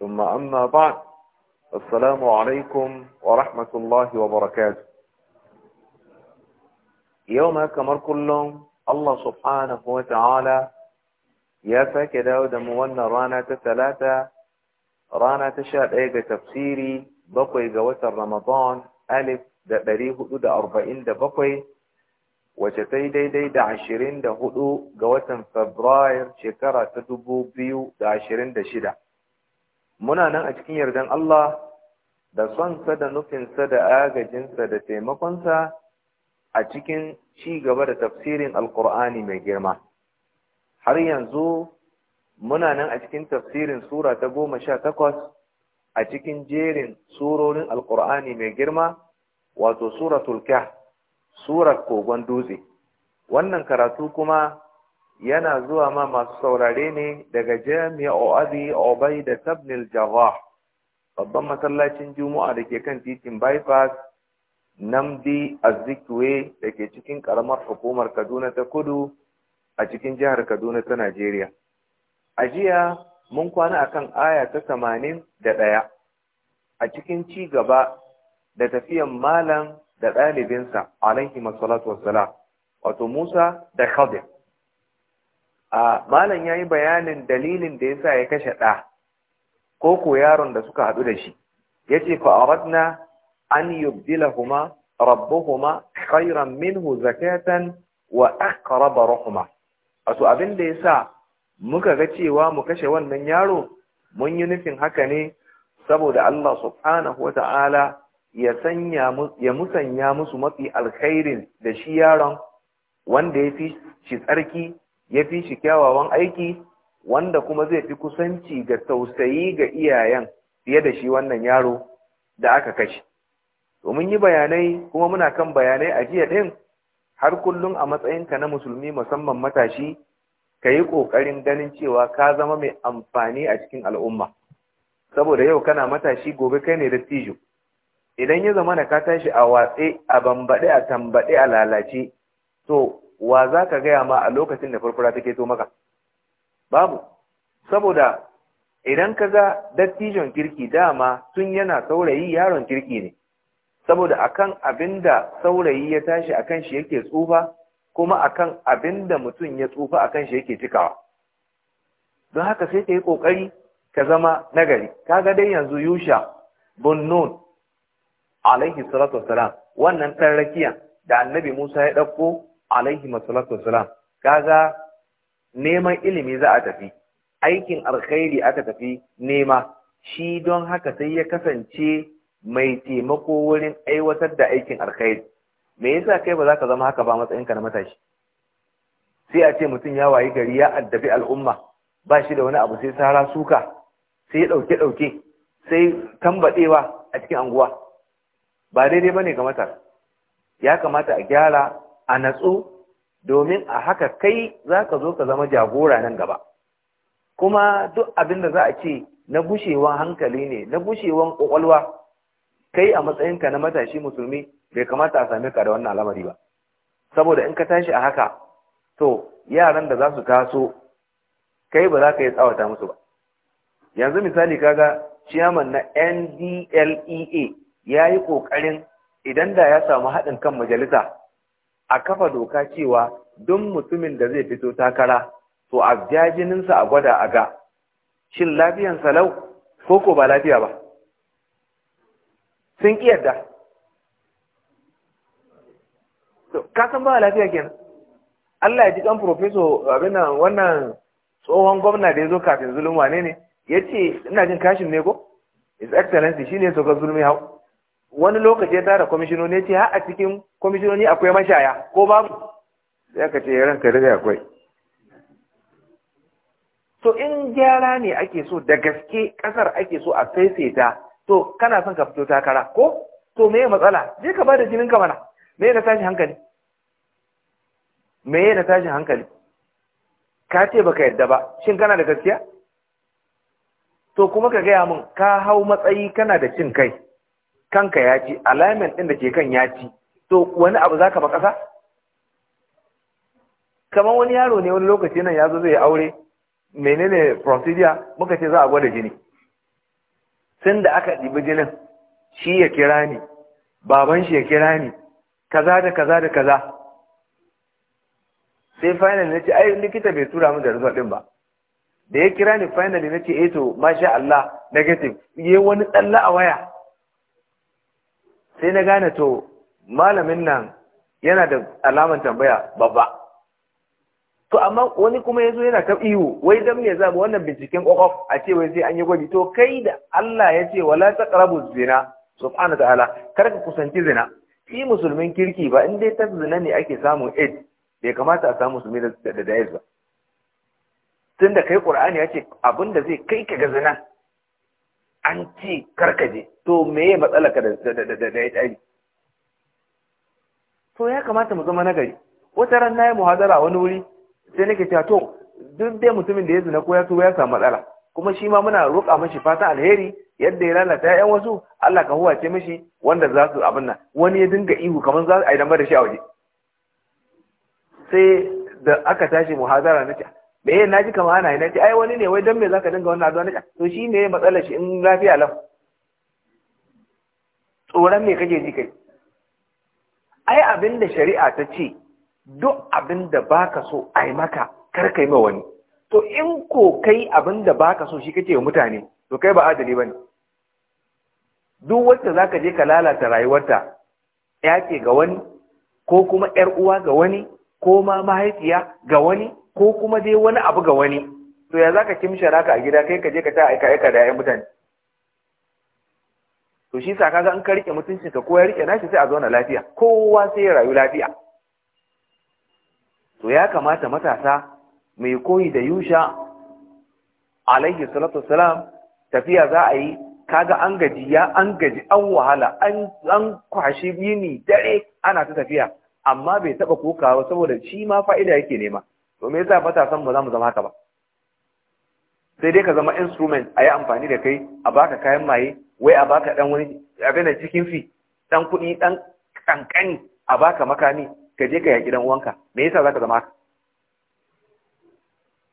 ثم أما بعد السلام عليكم ورحمة الله وبركاته يوم كمر كلهم الله سبحانه وتعالى يا فك داود مونا رانا تتلاتة رانا تشاد ايجا تفسيري بقي جوات رمضان ألف دا بريه دا أربعين دا وشتي دي دي دا عشرين دا هدو فبراير شكرا تدبو بيو دا عشرين دا muna nan a cikin yardan Allah da sonsa da nufinsa da agajinsa da taimakonsa a cikin ci gaba da tafsirin alkur'ani mai girma har yanzu muna nan a cikin tafsirin sura ta goma sha takwas a cikin jerin surorin alkur'ani mai girma wato suratul sura kogon dutse wannan karatu kuma yana zuwa ma masu saurare ne daga jami'a abi obai da tabnil jawa babban masallacin juma'a da ke kan titin bypass namdi azikwe da ke cikin karamar hukumar kaduna ta kudu a cikin jihar kaduna ta najeriya a jiya mun kwana a kan aya ta samanin da ɗaya a cikin ci gaba da tafiyan malam da ɗalibinsa alaihi masalatu Wasala, wato musa da khadir a malam yi bayanin dalilin da yasa ya kashe ɗa ko ko yaron da suka haɗu da shi yace fa aradna an yubdilahuma rabbuhuma kairan minhu zakatan wa aqrab rahma su abin da yasa muka ga cewa mu kashe wannan yaro mun yi nufin haka ne saboda Allah subhanahu wata'ala ya ya musanya musu mafi alkhairin da shi yaron wanda ya fi shi tsarki ya fi shi kyawawan aiki wanda kuma zai fi kusanci ga tausayi ga iyayen fiye da shi wannan yaro da aka kashe domin yi bayanai kuma muna kan bayanai a jiya ɗin har kullum a matsayinka na musulmi musamman matashi ka yi ƙoƙarin ganin cewa ka zama mai amfani a cikin al'umma saboda yau kana matashi gobe kai ne dattijo idan ya zama na ka tashi a watse a bambaɗe a tambaɗe a lalace to wa za ka gaya ma a lokacin da furfura take to maka babu saboda idan ka ga dattijon kirki dama tun yana saurayi yaron kirki ne saboda akan abinda saurayi ya tashi akan shi yake tsufa kuma akan abinda mutum ya tsufa akan shi yake cikawa don haka sai ka yi kokari ka zama nagari kaga dai yanzu yusha bunnun alaihi salatu wassalam wannan ɗan rakiya da annabi Musa ya ɗauko alaihi masalatu wasalam kaga neman ilimi za a tafi aikin alkhairi aka tafi nema shi don haka sai ya kasance mai taimako wurin aiwatar da aikin alkhairi me yasa kai ba za ka zama haka ba matsayinka na matashi sai a ce mutum ya wayi gari ya addabi al'umma ba shi da wani abu sai sara suka sai ɗauke ɗauke sai tambaɗewa a cikin anguwa ba daidai ba ne ga matasa ya kamata a gyara a natsu domin a haka kai za ka zo ka zama jagora nan gaba kuma duk abin da za a ce na gushewan hankali ne na gushewan ƙwaƙwalwa kai a matsayinka na matashi musulmi bai kamata a sami ka da wannan al'amari ba saboda in ka tashi a haka to yaran da za su taso kai ba za ka yi tsawata musu ba yanzu misali kaga ciyaman na ndlea ya yi ƙoƙarin idan da ya samu haɗin kan majalisa a kafa doka cewa duk mutumin da zai fito takara to a ja jininsa a gwada a ga shin lafiyan salau ko ko ba lafiya ba sun kiyarda ka san ba lafiya kenan Allah ya ji kan profeso abin nan wannan tsohon gwamna da ya zo kafin zulum wane ne ya ce ina jin kashin ne ko his excellency shine so ga zulmi hau wani lokaci ya tara kwamishinoni ce ha a cikin kwamishinoni akwai mashaya ko babu sai ka ce ranka da akwai so in gyara ne ake so da gaske kasar ake so a saisaita to kana son ka fito takara ko to me matsala je ka bada jinin ka mana me na tashi hankali me na tashi hankali ka ce baka yadda ba shin kana da gaskiya to kuma ka gaya min ka hau matsayi kana da cin kai kanka ya ci alignment ɗin da ke kan ya ci to wani abu za ka makasa kamar wani yaro ne wani lokaci nan ya zo zai aure menene procedure muka ce za a gwada jini sun da aka ɗibi jinin shi ya kira ni baban shi ya kira ni kaza da kaza da kaza sai final na ce ai likita bai tura min da result ɗin ba da ya kira ni final na ce eh to masha Allah negative yi wani tsalla a waya sai na gane to malamin nan yana da alaman tambaya babba to amma wani kuma yazo yana ta ihu wai dan me za wannan binciken kokof a ce wai sai an yi gwaji to kai da Allah ya ce wala taqrabu zina subhanahu ta'ala kar ka kusanci zina shi musulmin kirki ba in dai ta zina ne ake samu aid bai kamata a samu musulmi da da ba tunda kai qur'ani ya ce abinda zai kai ka ga zina an ce karkaje to me ya matsala ka da ya tsari to ya kamata mu zama nagari wata ran na yi muhazara wani wuri sai nake cewa to duk dai mutumin da ya zina ko ya so ya samu matsala kuma shi ma muna roƙa mashi fatan alheri yadda ya lalata yayan wasu Allah ka huwace mashi wanda za su abin nan wani ya dinga ihu kamar za a yi damar da shi a waje sai da aka tashi muhazara na ce me na ji kama ana yana ce ai wani ne wai don me zaka dinga wannan na? ne to shi ne matsalar shi in lafiya lau tsoron me kake ji kai ai abin da shari'a ta ce duk abin da baka so ai maka kar kai ma wani to in ko kai abin da baka so shi kake wa mutane to kai ba adali bane duk wacce zaka je ka lalata rayuwarta ya ce ga wani ko kuma yar uwa ga wani ko ma mahaifiya ga wani ko kuma dai wani abu ga wani to ya zaka kimshe ka a gida kai ka je ka ta aika aika da ƴan mutane to shi sa kaga an ka rike mutuncin ka ko ya rike nashi sai a zauna lafiya kowa sai ya rayu lafiya to ya kamata matasa mai koyi da yusha alaihi salatu wassalam tafiya za a yi kaga an gaji ya an gaji an wahala an an kwashi yini dare ana ta tafiya amma bai taɓa kokawa saboda shi ma fa'ida yake nema to me yasa matasan ba za mu zama haka ba sai dai ka zama instrument a yi amfani da kai a baka kayan maye wai a baka dan wani abin da cikin fi dan kuɗi ɗan kankani a baka makami ka je ka yaƙi dan uwanka me yasa za ka zama haka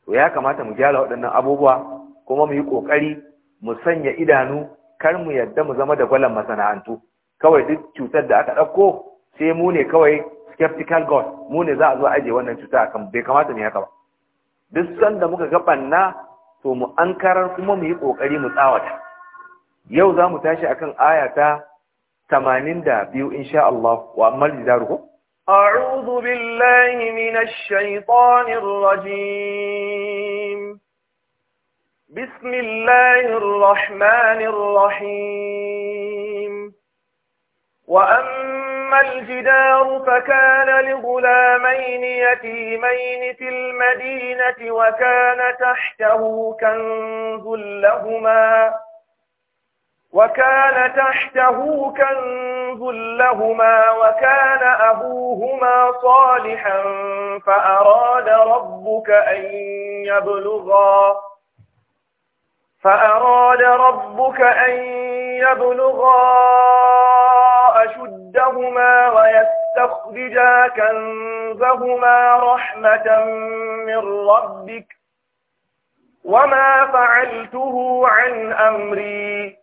to ya kamata mu gyara waɗannan abubuwa kuma mu yi ƙoƙari mu sanya idanu kar mu yadda mu zama da gwalan masana'antu kawai duk cutar da aka ɗauko sai mu ne kawai skeptical god mu ne za a zo aje wannan cuta akan bai kamata mu haka ba duk san da muka ga banna to mu ankarar kuma mu yi kokari mu tsawata yau za mu tashi akan aya ta 82 insha Allah wa amma lizaruhu a'udhu billahi minash shaitanir rajim بسم الله الرحمن الرحيم وأما أما الجدار فكان لغلامين يتيمين في المدينة وكان تحته كنز لهما وكان تحته كنز لهما وكان أبوهما صالحا فأراد ربك أن يبلغا فأراد ربك أن يبلغا أشدهما ويستخرجا كنزهما رحمة من ربك وما فعلته عن أمري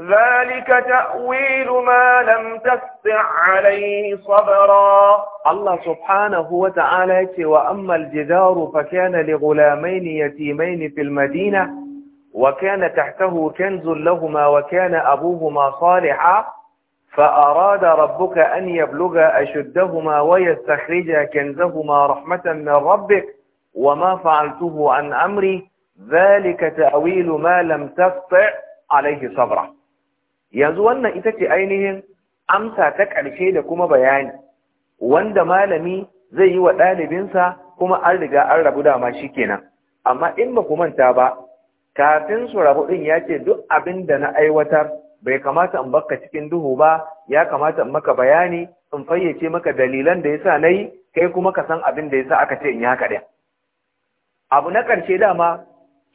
ذلك تأويل ما لم تستع عليه صبرا الله سبحانه وتعالى وأما الجدار فكان لغلامين يتيمين في المدينة وكان تحته كنز لهما وكان أبوهما صالحا فأراد ربك أن يبلغ أشدهما ويستخرج كنزهما رحمة من ربك وما فعلته عن أمري ذلك تأويل ما لم تستطع عليه صبرا yanzu wannan ita ce ainihin amsa ta ƙarshe da kuma bayani wanda malami zai yi wa ɗalibinsa kuma an riga an rabu dama shi kenan amma in ba ku manta ba kafin su rabu ɗin ya ce duk abin da na aiwatar bai kamata in baka cikin duhu ba ya kamata in maka bayani in fayyace maka dalilan da yasa nayi kai kuma ka san abin da yasa aka ce in yi haka din abu na ƙarshe dama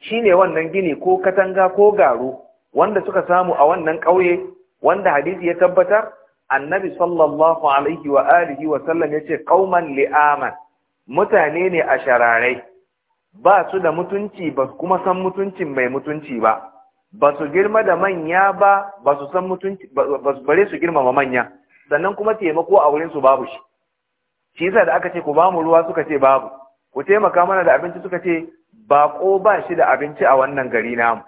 shine wannan gini ko katanga ko garu wanda suka samu a wannan ƙauye wanda hadisi ya tabbatar annabi sallallahu alaihi wa alihi wa sallam yace qauman li'aman mutane ne a shararai ba su da mutunci ba kuma san mutuncin mai mutunci ba ba su girma da manya ba ba su san mutunci ba su bare su girmama manya sannan kuma taimako a wurin su babu shi shi yasa da aka ce ku ba mu ruwa suka ce babu ku taimaka mana da abinci suka ce ko ba shi da abinci a wannan gari namu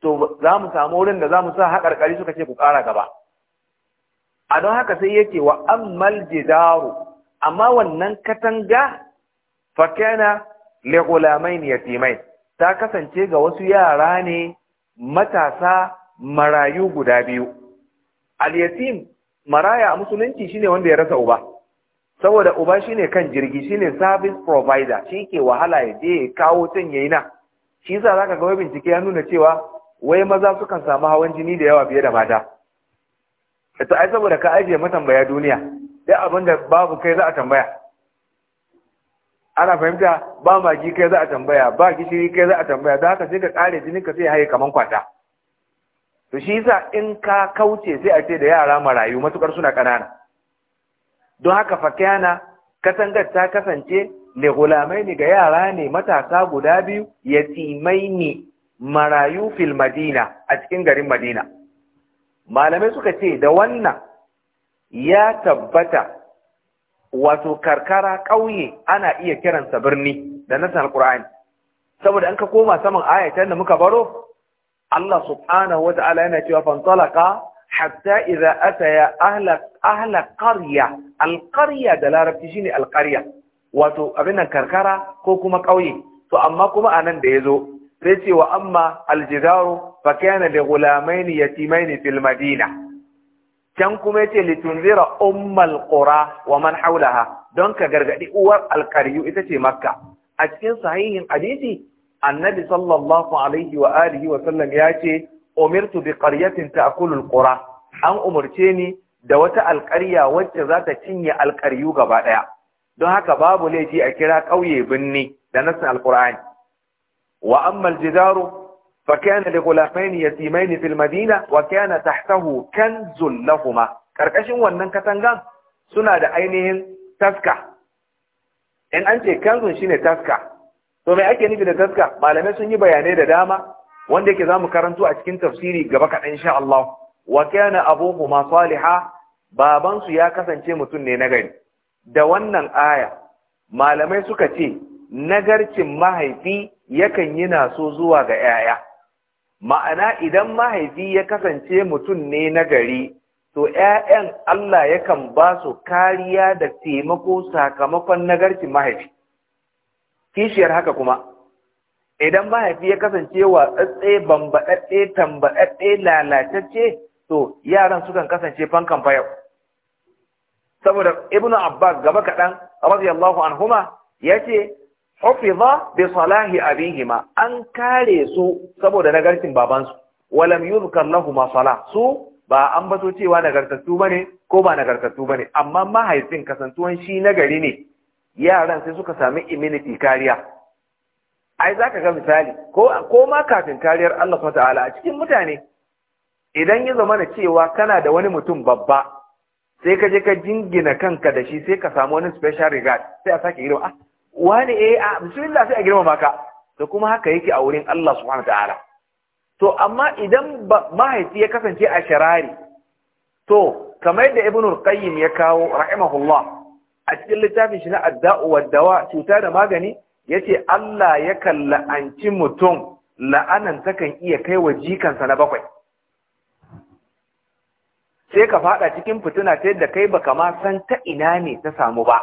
to za mu samu wurin da za mu sa haƙarƙari suka ce ku ƙara gaba a don haka sai yake wa ammal jidaru amma wannan katanga fakana li gulamain yatimain ta kasance ga wasu yara ne matasa marayu guda biyu al-yatim maraya a musulunci shine wanda ya rasa uba saboda uba shine kan jirgi shine service provider shi ke wahala ya je ya kawo can yayi na shi yasa zaka ga bincike ya nuna cewa wai maza sukan samu hawan jini da yawa fiye da mata ita ai saboda ka ajiye matambaya duniya dai abin da babu kai za a tambaya ana fahimta ba magi kai za a tambaya ba gishiri kai za a tambaya don haka sai ka kare jini ka sai haye kaman kwata to shi yasa in ka kauce sai a ce da yara marayu matukar suna kanana don haka fakana katangar ta kasance le gulamai ne ga yara ne matasa guda biyu yatimai ne marayu fil madina a cikin garin madina malamai suka ce da wannan ya tabbata wato karkara ƙauye ana iya kiransa birni da nasan alƙur'ani saboda an ka koma saman ayatan da muka baro Allah subhanahu wata'ala yana cewa fantalaka hatta idza ataya ahla ahla qarya alqarya da larabci shine alqarya wato abin nan karkara ko kuma ƙauye to amma kuma anan da yazo sai ce wa amma aljidaru fa kana li ghulamaini yatimaini fil madina can kuma yace litunzira ummal qura wa man haulaha don ka gargadi uwar alqaryu ita ce makka a cikin sahihin hadisi annabi sallallahu alaihi wa alihi wa sallam yace umirtu bi qaryatin ta'kulu alqura an umurce ni da wata alqarya wacce za ta cinye alqaryu gaba daya don haka babu laifi a kira kauye binni da nasin alqur'ani wa amma aljidaru فكان لغلامين يتيمين في المدينة وكان تحته كنز لهما karkashin wannan katangan suna da ainihin taska in an ce kanzun shine taska to me ake nufi da taska malamai sun yi bayanai da dama wanda yake zamu karanto a cikin tafsiri gaba kaɗan insha Allah wa kana abuhuma saliha baban su ya kasance mutum ne nagari da wannan aya malamai suka ce nagarcin mahaifi yakan yi naso zuwa ga yaya ma'ana idan mahaifi ya kasance mutum ne na gari to ‘ya'yan Allah yakan ba su kariya da taimako sakamakon nagarcin mahaifi kishiyar haka kuma idan mahaifi ya kasance watsatse bambaɗaɗɗe tambaɗaɗɗe lalatacce to yaran sukan kasance fankan fayau saboda ibnu abbas gaba kaɗan radiyallahu anhuma ya ce hufiza bi salahi abihima an kare su saboda nagartin babansu walam yuzkar lahuma salah su ba an bato cewa nagartattu bane ko ba nagartattu bane amma mahaifin kasantuwan shi nagari ne yaran sai suka sami immunity kariya ai zaka ga misali ko ko ma kafin kariyar Allah subhanahu ta'ala a cikin mutane idan ya zama na cewa kana da wani mutum babba sai ka je ka jingina kanka da shi sai ka samu wani special regard sai a sake irin ah wani eh a bismillah sai a girmama ka da kuma haka yake a wurin Allah subhanahu ta'ala to amma idan mahaifi ya kasance a sharari to kamar da ibnu qayyim ya kawo rahimahullah a cikin littafin shi na adda'u wa dawa cuta da magani yace Allah ya yakan la'anci mutum la'anan ta kan iya kai wa jikansa na bakwai sai ka fada cikin fituna ta yadda kai baka ma san ta ina ne ta samu ba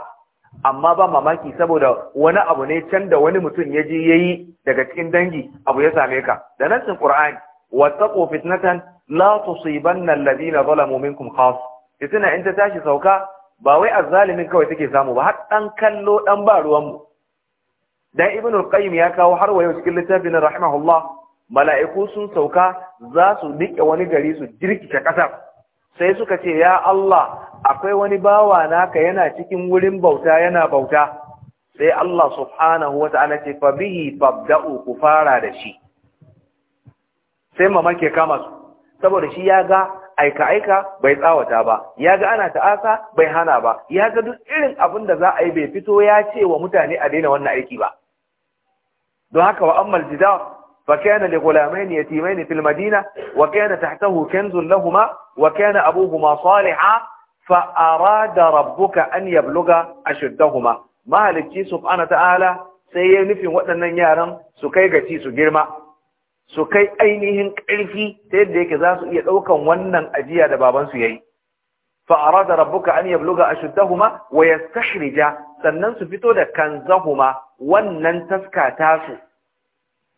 amma ba mamaki saboda wani abu ne can da wani mutum ya je yi daga cikin dangi abu ya same ka da nan cin qur'ani Wataƙo fitnatan la na zola momin kuma khas fitina in ta tashi sauka ba wai zalimin kawai take samu ba har ɗan kallo ɗan ba ruwanmu. mu dan ibn al-qayyim ya kawo har wa yau cikin littafin rahimahullah mala'iku sun sauka za su nike wani gari su jirkita ƙasar. sai suka ce ya Allah akwai wani bawa naka yana cikin wurin bauta yana bauta sai Allah subhanahu wata'ala ce fa bihi fabda'u ku fara da shi sai mamake kama su saboda shi ya ga aika-aika bai tsawata ba ya ga ana ta'asa bai hana ba ya ga duk irin abin da za a yi bai fito ya ce wa mutane a daina wannan aiki ba don haka wa jidawa فكان لغلامين يتيمين في المدينة وكان تحته كنز لهما وكان أبوهما صالحا فأراد ربك أن يبلغ أشدهما mahalicci subhanahu ta'ala sai ya nufin waɗannan yaran su kai gaci su girma su kai ainihin ƙarfi ta yadda yake za iya ɗaukan wannan ajiya da babansu ya yi fa'arada rabbuka an yabluga ashuddahuma wa yastakhrija sannan su fito da kanzahuma wannan taska tasu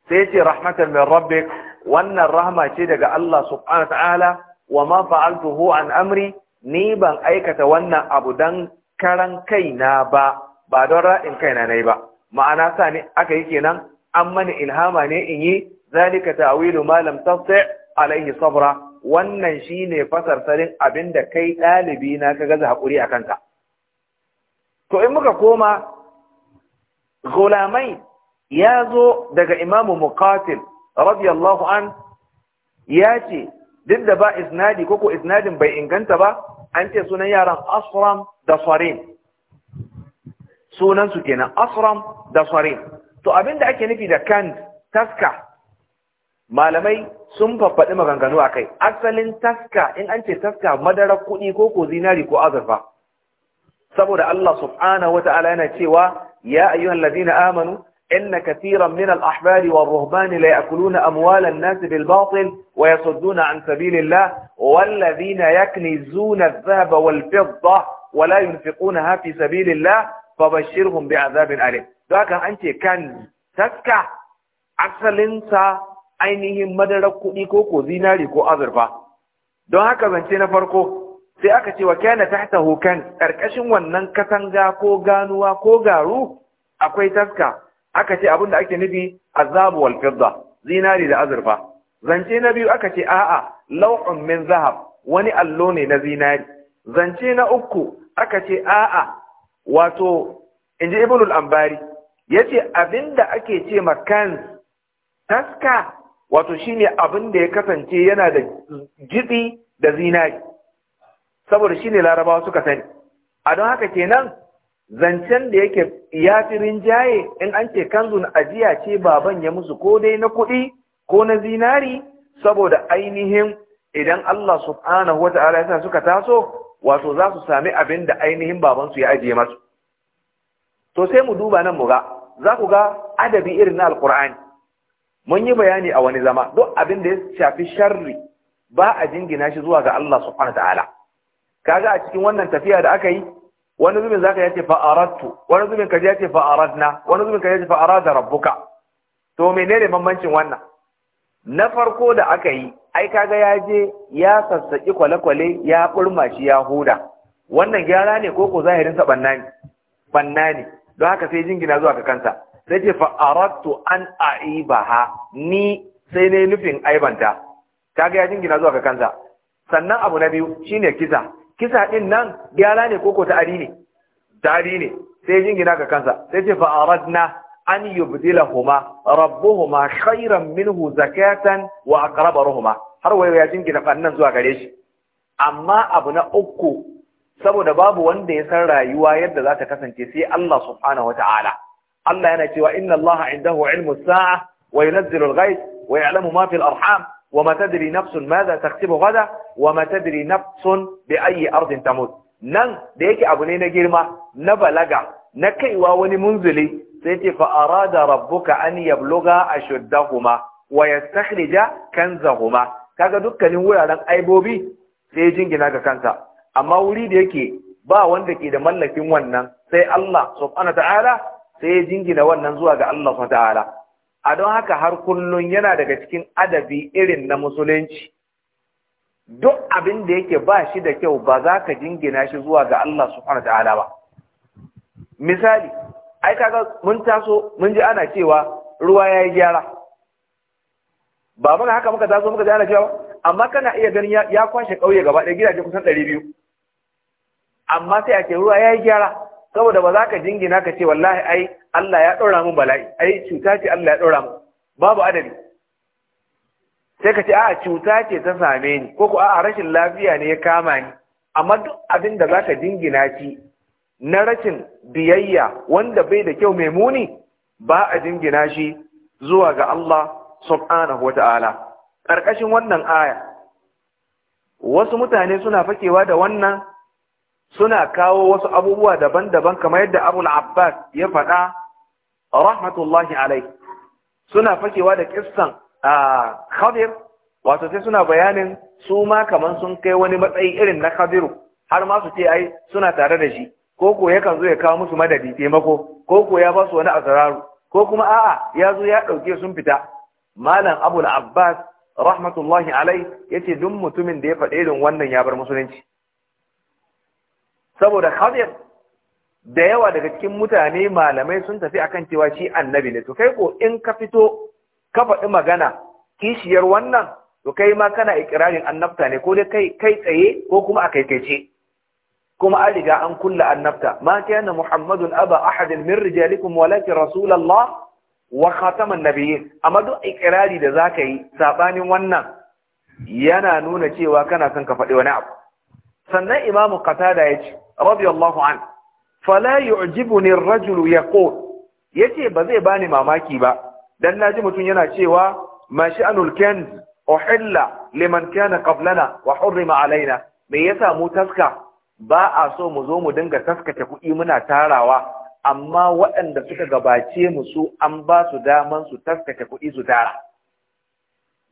sai ce rahmatan min rabbik wannan rahma ce daga Allah subhanahu ta'ala wa ma fa'altuhu an amri ni ban aikata wannan abu dan karan kaina ba ba don raɗin kaina nayi ba ma'ana sa ne aka yi kenan an mani ilhama ne in yi zalika ta'wilu ma lam alaihi sabra wannan shine fasarsarin abinda kai dalibi na ka gaza hakuri akan ka to in muka koma gulamai ya zo daga imamu muqatil radiyallahu an ya ce duk da ba isnadi ko isnadin bai inganta ba an ce sunan yaran asram da sarin sunan su kenan asram da sarin to abinda ake nufi da kan taska malamai sun faffaɗi maganganu a kai asalin taska in an ce taska madarar kuɗi ko ko zinari ko azurfa saboda Allah subhanahu ta'ala yana cewa ya ayyuhan ladina amanu إن كثيرا من الأحبار والرهبان لا يأكلون أموال الناس بالباطل ويصدون عن سبيل الله والذين يكنزون الذهب والفضة ولا ينفقونها في سبيل الله فبشرهم بعذاب أليم ذاك أنت كنز تسكع أكثر لنسى أينهم مدرق ko ko zinari ko azurfa don haka zance na farko sai aka ce wa kana أكوي kan aka ce abin ake nufi azabu wal fidda zinari da azurfa zance na biyu aka ce a'a law'un min zahab wani allo ne na zinari zance na uku aka ce a'a wato inji al ambari yace abinda ake ce makan taska wato shine abinda ya kasance yana da gibi da zinari saboda shine larabawa suka sani a don haka kenan zancen da yake ya fi rinjaye in an ce kanzun ajiya ce baban ya musu ko dai na kuɗi ko na zinari saboda ainihin idan Allah subhanahu wata'ala ya sa suka taso wato za su sami abin da ainihin babansu ya ajiye masu to sai mu duba nan mu ga za ku ga adabi irin na alkur'ani mun yi bayani a wani zama duk abin da ya shafi sharri ba a jingina shi zuwa ga Allah subhanahu Ka ga a cikin wannan tafiya da aka yi wani zubin zaka yace fa’aratu wani zubin kaji yace fa aradna wani zubin ka yace fa rabbuka to menene bambancin wannan na farko da aka yi ai kaga ya je ya sassaƙi kwale-kwale ya ɓurma shi ya huda wannan gyara ne ko ko zahirin sa banna ne don haka sai jingina zuwa ka kansa sai ce fa’aratu an aiba ha ni sai ne nufin aibanta kaga ya jingina zuwa ka kansa sannan abu na biyu shine kisa kisa din nan gyara ne koko ta'adi ne ta'adi ne sai jingina ga kansa sai ce fa aradna an huma rabbuhuma khayran minhu zakatan wa aqrabaruhuma har wayo ya jingina fannan zuwa gare shi amma abu na uku saboda babu wanda ya san rayuwa yadda za ta kasance sai Allah subhanahu wata'ala Allah yana cewa inna Allah indahu ilmu sa'a wa yunazzilu al-ghayth wa ya'lamu ma fil arham وما تدري نفس ماذا تكسب غدا وما تدري نفس بأي أرض تموت nan da yake abu ne na girma na balaga na kaiwa wani munzuli sai ce fa arada rabbuka an yabluga ashuddahuma wa yastakhrija kanzahuma kaga dukkanin wuraren aibobi sai jingina ga kansa amma wuri da yake ba wanda ke da mallakin wannan sai Allah subhanahu ta'ala sai jingina wannan zuwa ga Allah subhanahu ta'ala a don haka har kullum yana daga cikin adabi irin na musulunci duk abin da yake ba shi da kyau ba za ka jingina shi zuwa ga Allah subhanahu ta'ala ba misali ai kaga mun taso mun ji ana cewa ruwa yayi gyara ba muna haka muka taso muka ji ana cewa amma kana iya ganin ya kwashe kauye gaba ɗaya gidaje kusan ɗari biyu amma sai a ce ruwa yayi gyara saboda ba za ka jingina ka ce wallahi ai Allah ya ɗora mun bala'i ai cuta ce Allah ya ɗora mun babu adadi sai ka ce a cuta ce ta same ni ko ko a rashin lafiya ne ya kama ni amma duk abin da za ka jingina ci, na rashin biyayya wanda bai da kyau mai muni ba a jingina shi zuwa ga Allah subhanahu wata'ala ƙarƙashin wannan aya wasu mutane suna fakewa da wannan suna kawo wasu abubuwa daban-daban kamar yadda Abul'abbas abbas ya faɗa rahmatullahi alai suna fakewa da kissan khadir wato sai suna bayanin su ma kamar sun kai wani matsayi irin na khadiru har ma su ce ai suna tare da shi ko ko yakan zo ya kawo musu madadi taimako ko ko ya ba su wani asararu ko kuma a'a ya zo ya ɗauke sun fita malam Abul'abbas, abbas rahmatullahi alai ya ce duk mutumin da ya faɗi irin wannan ya bar musulunci saboda khadir da yawa daga cikin mutane malamai sun tafi akan cewa shi annabi ne to kai ko in ka fito ka faɗi magana kishiyar wannan to kai ma kana ikirarin annabta ne ko dai kai kai tsaye ko kuma a kaikaice kuma an riga an kulla annabta ma kana muhammadun aba ahadin min rijalikum walakin rasulullah wa khataman nabiyyin amma duk ikirari da zaka yi sabanin wannan yana nuna cewa kana son ka faɗi wani abu sannan imamu qatada ya ce رضي الله عنه فلا يعجبني الرجل يقول yace ba zai bani mamaki ba dan naji mutum yana cewa ma sha'anul kanz uhilla liman kana qablana wa hurrima alaina me yasa mu taska ba a so mu zo mu dinga taskace kuɗi muna tarawa amma waɗanda suka gabace mu su an ba su daman su taskace kuɗi su tara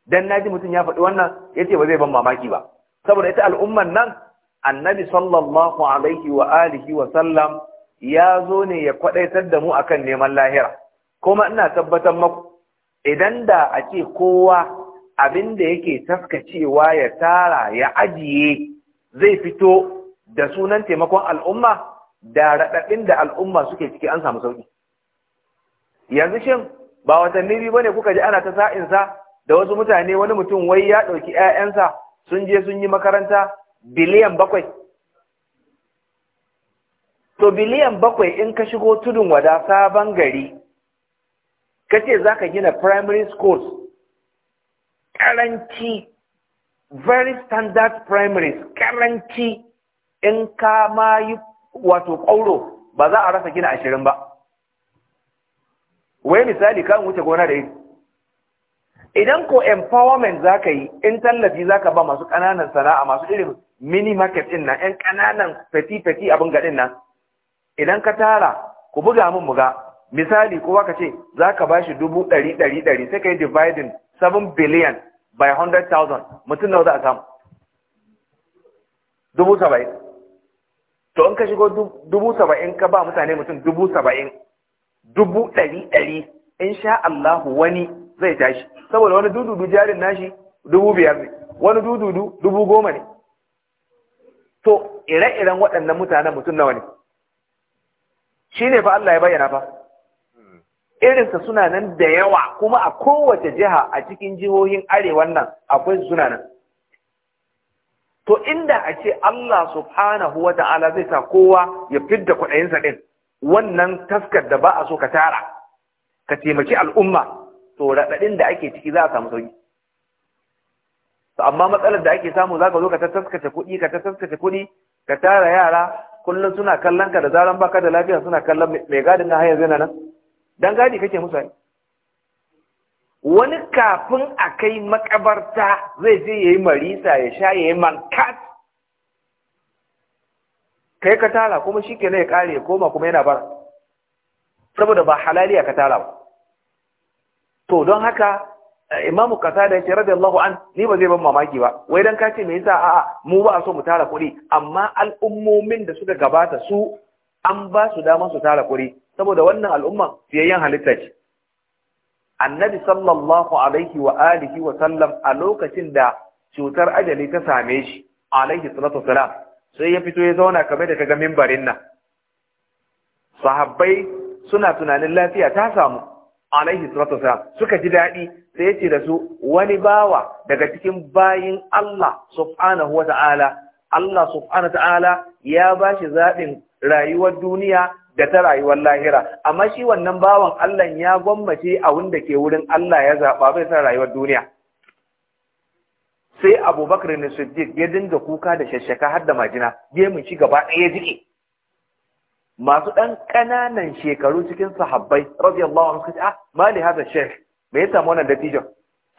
dan naji mutum ya faɗi wannan yace ba zai ban mamaki ba saboda ita al'umman nan annabi sallallahu alaihi wa alihi wa sallam ya zo ne ya kwadaitar da mu akan neman lahira kuma ina tabbatar maku idan da a ce kowa abin da yake taskacewa ya tara ya ajiye zai fito da sunan taimakon al'umma da raɗaɗin da al'umma suke ciki an samu sauƙi yanzu shin ba watanni biyu bane kuka ji ana ta sa'insa da wasu mutane wani mutum wai ya ɗauki 'ya'yansa sun je sun yi makaranta biliyan bakwai to biliyan bakwai in ka shigo tudun wada sabon gari ka ce za ka gina primary schools karanci very standard primaries karanci in ka ma yi wato ƙauro ba za a rasa gina ashirin ba wai misali kan wuce gona da yi idan ko empowerment za ka yi in tallafi za ka ba masu ƙananan sana'a masu irin mini market din nan ƴan ƙananan fati fati abin gaɗin nan idan ka tara ku buga min ga misali kowa ka ce za ka ba shi dubu ɗari ɗari ɗari sai ka yi dividing 7 billion by thousand mutum nawa za a samu dubu saba'in to in ka shigo dubu saba'in ka ba mutane mutum dubu saba'in dubu ɗari ɗari in sha Allahu wani zai tashi saboda wani dududu jarin nashi dubu biyar ne wani dududu dubu goma ne to ire-iren waɗannan mutanen mutum nawa ne shi ne fa Allah ya bayyana fa irinsa suna nan da yawa kuma a kowace jiha a cikin jihohin arewan nan akwai suna nan to inda a ce Allah subhanahu wa ta'ala zai sa kowa ya fidda kuɗayensa ɗin wannan taskar da ba a so ka tara ka taimaki al'umma to raɗaɗin da ake ciki za a samu sauki to amma matsalar da ake samu zaka zo ka taskace kuɗi ka taskace kuɗi ka tara yara kullum suna kallon ka da zaran baka da lafiya suna kallon mai gadin na haya zai nan dan gadi kake musu ai wani kafin a kai makabarta zai je ya yi marisa ya sha ya yi mankat kai ka tara kuma kenan ya kare ya koma kuma yana bara saboda ba halaliya ka tara ba to don haka imamu kasa da yace radiyallahu an ni ba zai ban mamaki ba wai dan kace me yasa a'a mu ba a so mu tara kuɗi amma al'ummomin da suka gabata su an ba su dama su tara kuɗi saboda wannan al'umma fiyayyen halitta ce annabi sallallahu alaihi wa alihi wa sallam a lokacin da cutar ajali ta same shi alaihi salatu wasalam sai ya fito ya zauna kamar da kaga mimbarin nan sahabbai suna tunanin lafiya ta samu alaihi salatu wasalam suka ji daɗi sai ya ce da su wani bawa daga cikin bayin Allah subhanahu wa ta'ala Allah subhanahu wa ta'ala ya ba shi zaɓin rayuwar duniya da ta rayuwar lahira amma shi wannan bawan Allah ya gwammace a wanda ke wurin Allah ya zaɓa bai san rayuwar duniya sai abubakar ne siddiq ya dinga kuka da shashaka har da majina gemun ci gaba ɗaya jike masu ɗan ƙananan shekaru cikin sahabbai radiyallahu anhu ce ah mali hada shaykh me ya samu wannan dattijon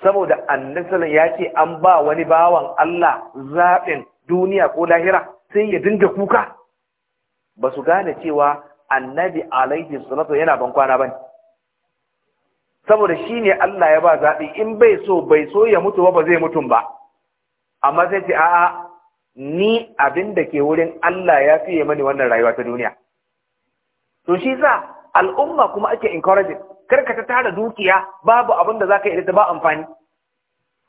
saboda annabi ya ce an ba wani bawan Allah zaɓin duniya ko lahira sai ya dinga kuka ba su gane cewa annabi alaihi salatu yana ban kwana ba. saboda shine Allah ya ba zaɓi in bai so bai so ya mutu ba zai mutum ba amma sai ce a'a ni abin da ke wurin Allah ya fiye mani wannan rayuwa ta duniya to shi sa al'umma kuma ake encouraging kar ta tara dukiya babu abin da zaka yi da ba amfani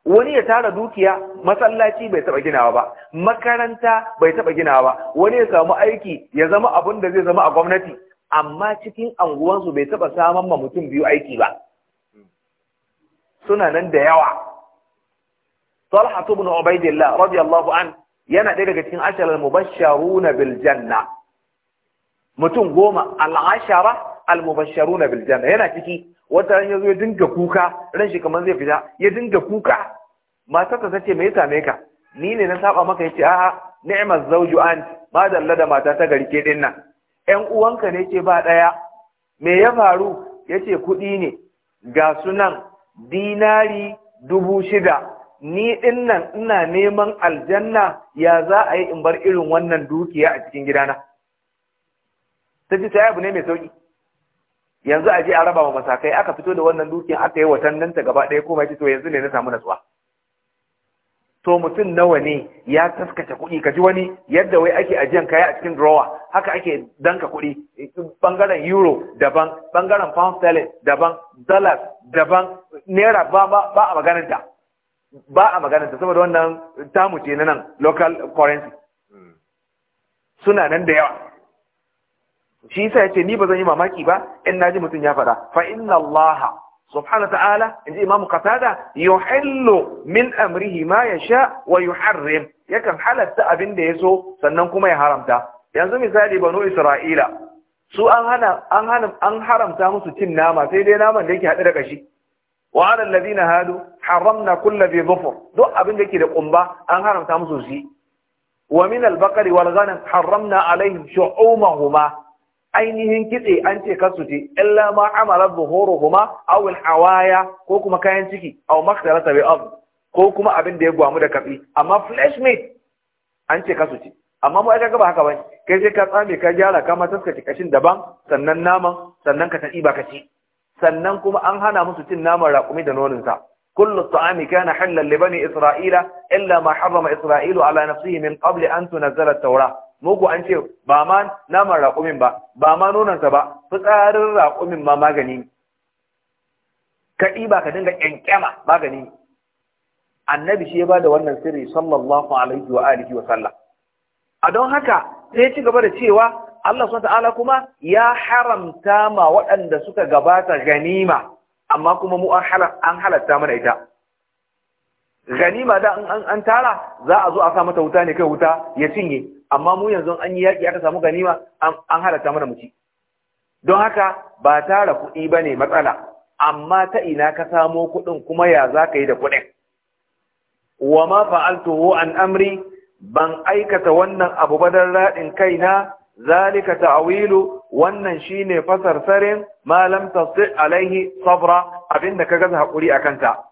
wani ya tara dukiya masallaci bai taba ginawa ba makaranta bai taba ginawa ba wani ya samu aiki ya zama abin da zai zama a gwamnati amma cikin anguwansu bai taba saman ma mutum biyu aiki ba suna nan da yawa Talha ibn Ubaidillah radiyallahu an yana ɗaya daga cikin asharal mubashsharuna bil janna mutum goma al-ashara al-mubashsharuna bil yana ciki wata ran yazo ya dinga kuka ran shi kaman zai fita ya dinga kuka matarsa ta ce me ya same ka ni ne na saba maka yace a'a ni'maz zawju an ma da da mata ta garke din nan ƴan uwanka ne ce ba ɗaya. me ya faru yace kuɗi ne ga sunan dinari dubu shida ni din nan ina neman aljanna ya za a yi in bar irin wannan dukiya a cikin gidana ta ce abu ne mai sauki yanzu a je a raba wa masakai aka fito da wannan dukiyar aka yi watanninta gaba ɗaya kuma ya to yanzu ne na samu natsuwa to mutum nawa ne ya taskace kuɗi ka ji wani yadda wai ake ajiyan kaya a cikin drawer haka ake danka kuɗi bangaren euro daban bangaren pound sterling daban dollars daban naira ba ba a magananta ba a magananta saboda wannan tamu ce na nan local currency hmm. suna nan da yawa shi yasa yace ni zan yi mamaki ba in naji mutum ya fada fa inna allaha subhanahu ta'ala inji imamu qatada yuhillu min amrihi ma yasha wa yuharrim yakan halatta abin da so sannan kuma ya haramta yanzu misali banu isra'ila su an hana an hana an haramta musu cin nama sai dai naman da yake hade da kashi wa ala alladhina hadu haramna kullu bi duk abin da yake da kumba an haramta musu shi wa min al-baqari wal ghanam haramna alaihim shu'umahuma ainihin kitse an ce kasu ce illa ma amara zuhuruhuma aw hawaya ko kuma kayan ciki aw maktarata bi ard ko kuma abin da ya gwamu da kafi amma flesh meat an ce kasu amma mu aka gaba haka bane kai sai ka tsame ka gyara ka ma taskace kashin daban sannan naman sannan ka tafi ba ka ci sannan kuma an hana musu cin naman raƙumi da noninsa كل الطعام كان حلا لبني إسرائيل إلا ما حرم إسرائيل على نفسه من قبل أن تنزل التوراة Mugu an ce ba ma naman raƙumin ba ba ma nonansa ba fitsarin raƙumin ma magani kaɗi ba ka dinga ƙyanƙyama magani annabi shi ya ba da wannan sirri sallallahu alaihi wa alihi wa sallam a don haka sai ci gaba da cewa Allah subhanahu ta'ala kuma ya haramta ma waɗanda suka gabata ganima amma kuma mu an halarta mana ita ganima da an an tara za a zo a sa mata wuta ne kai wuta ya cinye amma mu yanzu an yi yaƙi aka samu ganima an halatta mana mu ci don haka ba tara kuɗi ba ne matsala amma ta ina ka samo kuɗin kuma ya za ka yi da kuɗin wa ma fa'altu hu an amri ban aikata wannan abu ba don raɗin kaina zalika tawilu wannan shine fasarsarin ma lam tasdi alaihi sabra abinda ka gaza hakuri akan ta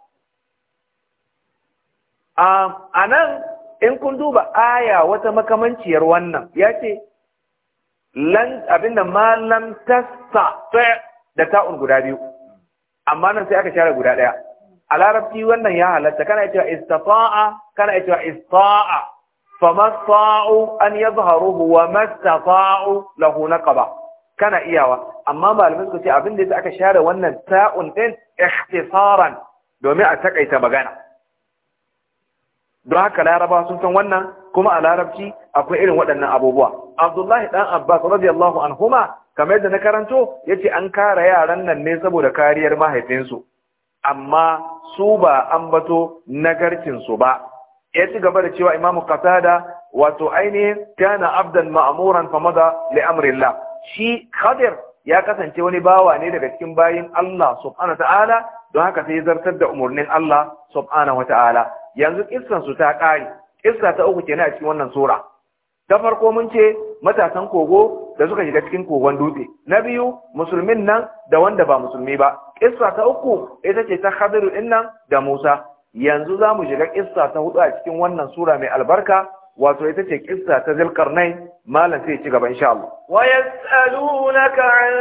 a anan in kun duba aya wata makamanciyar wannan ya ce abinda malam Tasa da ta'un guda biyu amma nan sai aka share guda ɗaya a larabci wannan ya halatta kana cewa istafa'a kana cewa ista'a famasta'u an zaharuhu, wa mastata'u lahu naqaba kana iyawa amma malamai suka ce abinda yasa aka share wannan ta'un din ihtisaran domin a takaita magana don haka laraba sun san wannan kuma a larabci akwai irin waɗannan abubuwa abdullahi dan abbas radiyallahu anhuma kamar yadda na karanto ya ce an kare yaran nan ne saboda kariyar mahaifinsu amma su ba ambato bato nagarkinsu ba ya ci gaba da cewa imamu qatada wato ainihin kana abdan ma'muran famada li amrillah shi khadir ya kasance wani bawa ne daga cikin bayin Allah subhanahu ta'ala don haka sai zartar da umarnin Allah subhanahu ta'ala yanzu kissan su ta kare kissa ta uku kenan a cikin wannan sura ta farko mun ce matasan kogo da suka shiga cikin kogon dutse na biyu musulmin nan da wanda ba musulmi ba kissa ta uku ita ce ta Hadiru, din da Musa yanzu za mu shiga kissa ta hudu a cikin wannan sura mai albarka wato ita ce kissa ta Zulkarnain malam sai ci gaba insha Allah wa yas'alunaka an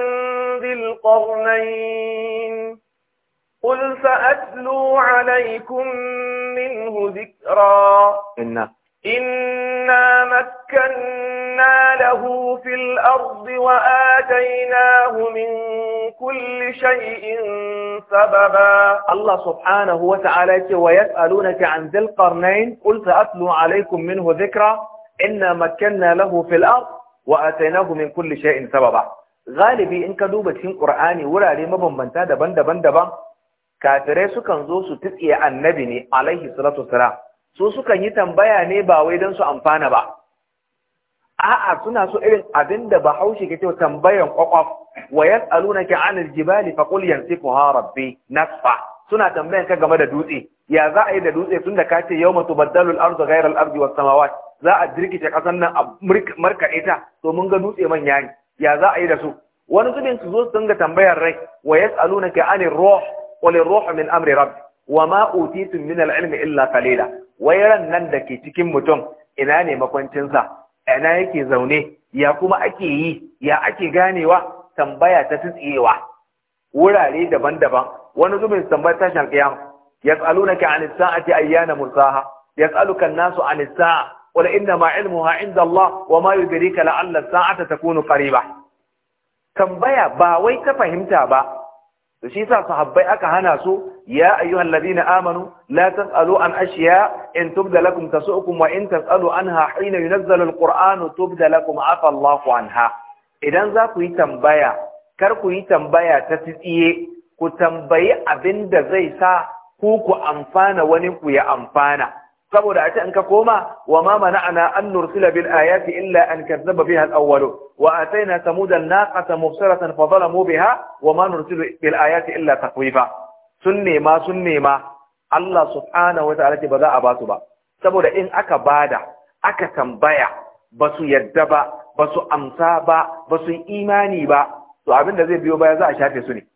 dhil qarnain قل سأتلو عليكم منه ذكرا إنا إنا مكنا له في الأرض وآتيناه من كل شيء سببا الله سبحانه وتعالى ويسألونك عن ذي القرنين قل سأتلو عليكم منه ذكرا إنا مكنا له في الأرض وآتيناه من كل شيء سببا غالبي إن دوبة في القرآن ولا لي مبنبنتا دبن دبن دبن kafirai sukan zo su tutsiye annabi ne alaihi salatu wassalam su sukan yi tambaya ne ba wai don su amfana ba a'a suna so irin abinda bahaushe ke cewa tambayan kwakwaf wa yas'alunaka 'anil jibali faqul yansifuha rabbi nasfa suna tambayan ka game da dutse ya za a yi da dutse tunda ka ce yawma tubaddalu al-ardu ghayra al-ardi was samawat za a jirkice kasan nan a markaɗe ta to mun ga dutse manya ne ya za a yi da su wani zubin su zo su dinga tambayar rai wa yas'alunaka 'anil ruh qul ruhu min amri rabbi wa ma utitum min al-ilmi illa qalila wayran nan da ke cikin mutum ina ne makwancin sa ina yake zaune ya kuma ake yi ya ake ganewa tambaya ta tsiyewa wurare daban-daban wani zubin tambayar tashin kiyama yas'alunaka 'anis sa'ati ayyana mursaha yas'aluka an-nasu Nisa'a? sa'a qul inna ma 'ilmuha 'inda Allah wa ma yudrika la'alla as-sa'ata takunu qariba tambaya ba wai ta fahimta ba to shi yasa sahabbai aka hana su ya ayyuhal ladina amanu la tasalu an ashiya in tubda lakum tasukum wa in tasalu anha hina yunazzalu alqur'anu tubda lakum afa Allahu anha idan za ku yi tambaya kar ku yi tambaya ta tsiye ku tambayi abinda zai sa ku ku amfana wani ku ya amfana saboda a ce in ka koma wa ma mana'ana an nursila bil ayati illa an kazzaba biha al wa ataina samud al naqata mubsiratan fa zalamu biha wa ma nursilu bil ayati illa takwifa sun nema sun nema Allah subhanahu wa ta'ala ce ba za a basu ba saboda in aka bada aka tambaya ba su yadda ba ba su amsa ba ba su imani ba to abin da zai biyo baya za a shafe su ne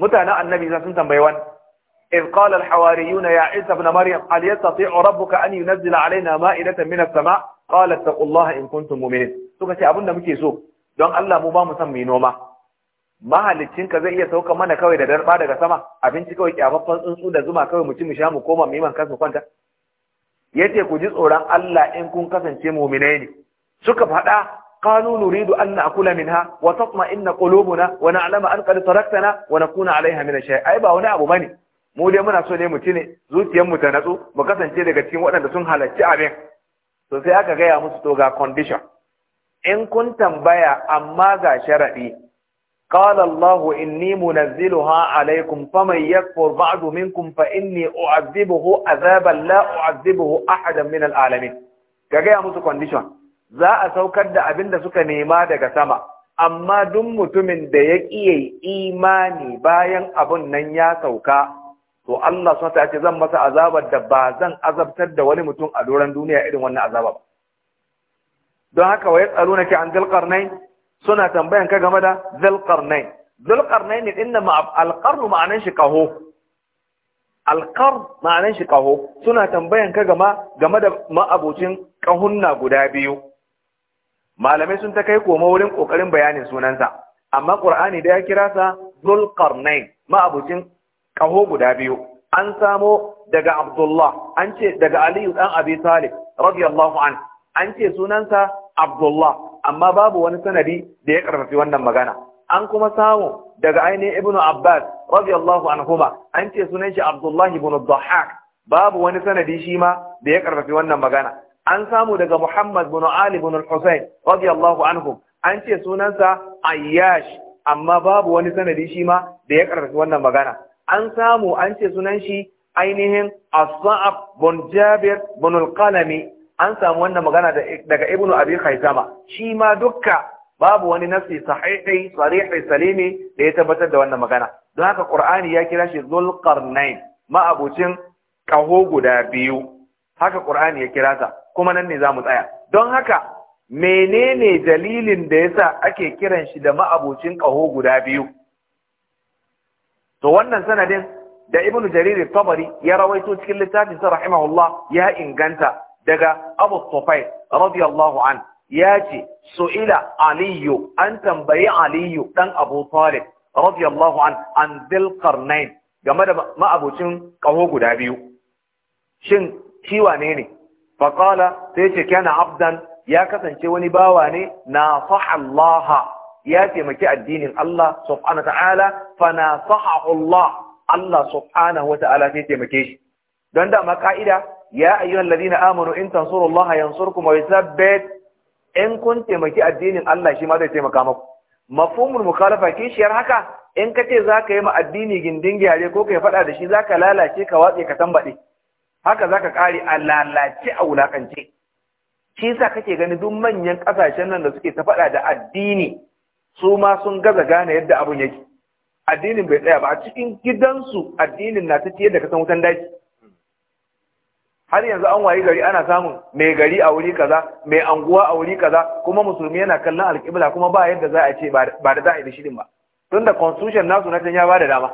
mutanen annabi sun tambayi wani إذ قال الحواريون يا عيسى ابن مريم هل يستطيع ربك أن ينزل علينا مائدة من السماء قال اتقوا الله إن كنتم مؤمنين suka ce abin da muke so don Allah mu ba mu san mai noma ka zai iya sauka mana kawai da daraba daga sama abinci kawai kyafaffan tsuntsu da zuma kawai mu ci mu sha mu koma mu yi mankan su kwanta ku ji tsoron Allah in kun kasance mu'minai ne suka faɗa qalu nuridu an na'kula minha wa tatma'inna qulubuna wa na'lama an qad taraktana wa nakuna 'alayha min shay'in ai ba wani abu bane mu dai muna so ne mu tune zuciyarmu ta natsu mu kasance daga cikin waɗanda sun halarci abin to aka gaya musu to ga condition in kun tambaya amma ga sharaɗi qala Allah inni ha alaikum faman yakfur ba'du minkum fa inni u'adhibuhu azaban la u'adhibuhu ahadan min al'alamin Ka gaya musu condition za a saukar da abin da suka nema daga sama amma duk mutumin da ya ƙiye imani bayan abun nan ya sauka to Allah subhanahu ta ce zan masa azabar da ba zan azabtar da wani mutum a doron duniya irin wannan azaba ba don haka wa yasalunaka an dal qarnain suna tambayan ka game da dal qarnain dal qarnain din ma'anan shi kaho ma'anan shi kaho suna tambayan ka game game da ma'abocin kahunna guda biyu malamai sun ta kai koma wurin kokarin bayanin sunansa amma ƙur'ani da ya kira sa dul ma'abucin kaho guda biyu an samo daga Abdullah an ce daga Aliyu dan Abi Talib radiyallahu an an ce sunansa Abdullah amma babu wani sanadi da ya karfafi wannan magana an kuma samu daga ainihin ibnu Abbas radiyallahu anhuma an ce sunan shi Abdullah ibn Dhahhak babu wani sanadi shi ma da ya karfafi wannan magana an samu daga Muhammad ibn Ali ibn Husayn radiyallahu anhum an ce sunansa Ayyash amma babu wani sanadi shi ma da ya karfafi wannan magana an samu an ce sunan shi ainihin as bin jabir bin al an samu wannan magana daga ibnu abi khaisama shi ma dukka babu wani nafsi sahihi sarihi salimi da ya tabbatar da wannan magana don haka qur'ani ya kira shi zulqarnain abucin kaho guda biyu haka qur'ani ya kira ta kuma nan ne zamu tsaya don haka menene dalilin da yasa ake kiran shi da ma'abucin kaho guda biyu to wannan sanadin da ibn jarir tabari ya rawaito cikin littafin sa rahimahullah ya inganta daga abu tufayl radiyallahu an ya ce su'ila aliyu an tambayi aliyu dan abu talib radiyallahu an an dil qarnain game da ma'abucin kaho guda biyu shin shi wane ne faqala sai ce kana abdan ya kasance wani bawa ne na fahallaha ya taimaki addinin Allah subhanahu ta'ala fa nasahahu Allah subhanahu sai taimake shi don da ka'ida ya ayyuhal ladina amanu in tansurullaha yansurkum wa yuthabbit in kun taimaki addinin Allah shi ma zai taimaka maku mafhumul mukhalafa kishiyar haka in kace zaka yi ma addini gindin gyare ko kai fada faɗa da shi Zaka lalace ka watse ka tambaɗe haka zaka kare a lalace a wulakance. shi sa kake gani duk manyan ƙasashen nan da suke ta faɗa da addini su ma sun gaza gane yadda abun yake addinin bai tsaya ba a cikin gidansu addinin na ta yadda ka san wutan daji har yanzu an wayi gari ana samun mai gari a wuri kaza mai anguwa a wuri kaza kuma musulmi yana kallon alƙibla kuma ba yadda za a ce ba da za a yi da shirin ba tun da constitution nasu na can ya ba da dama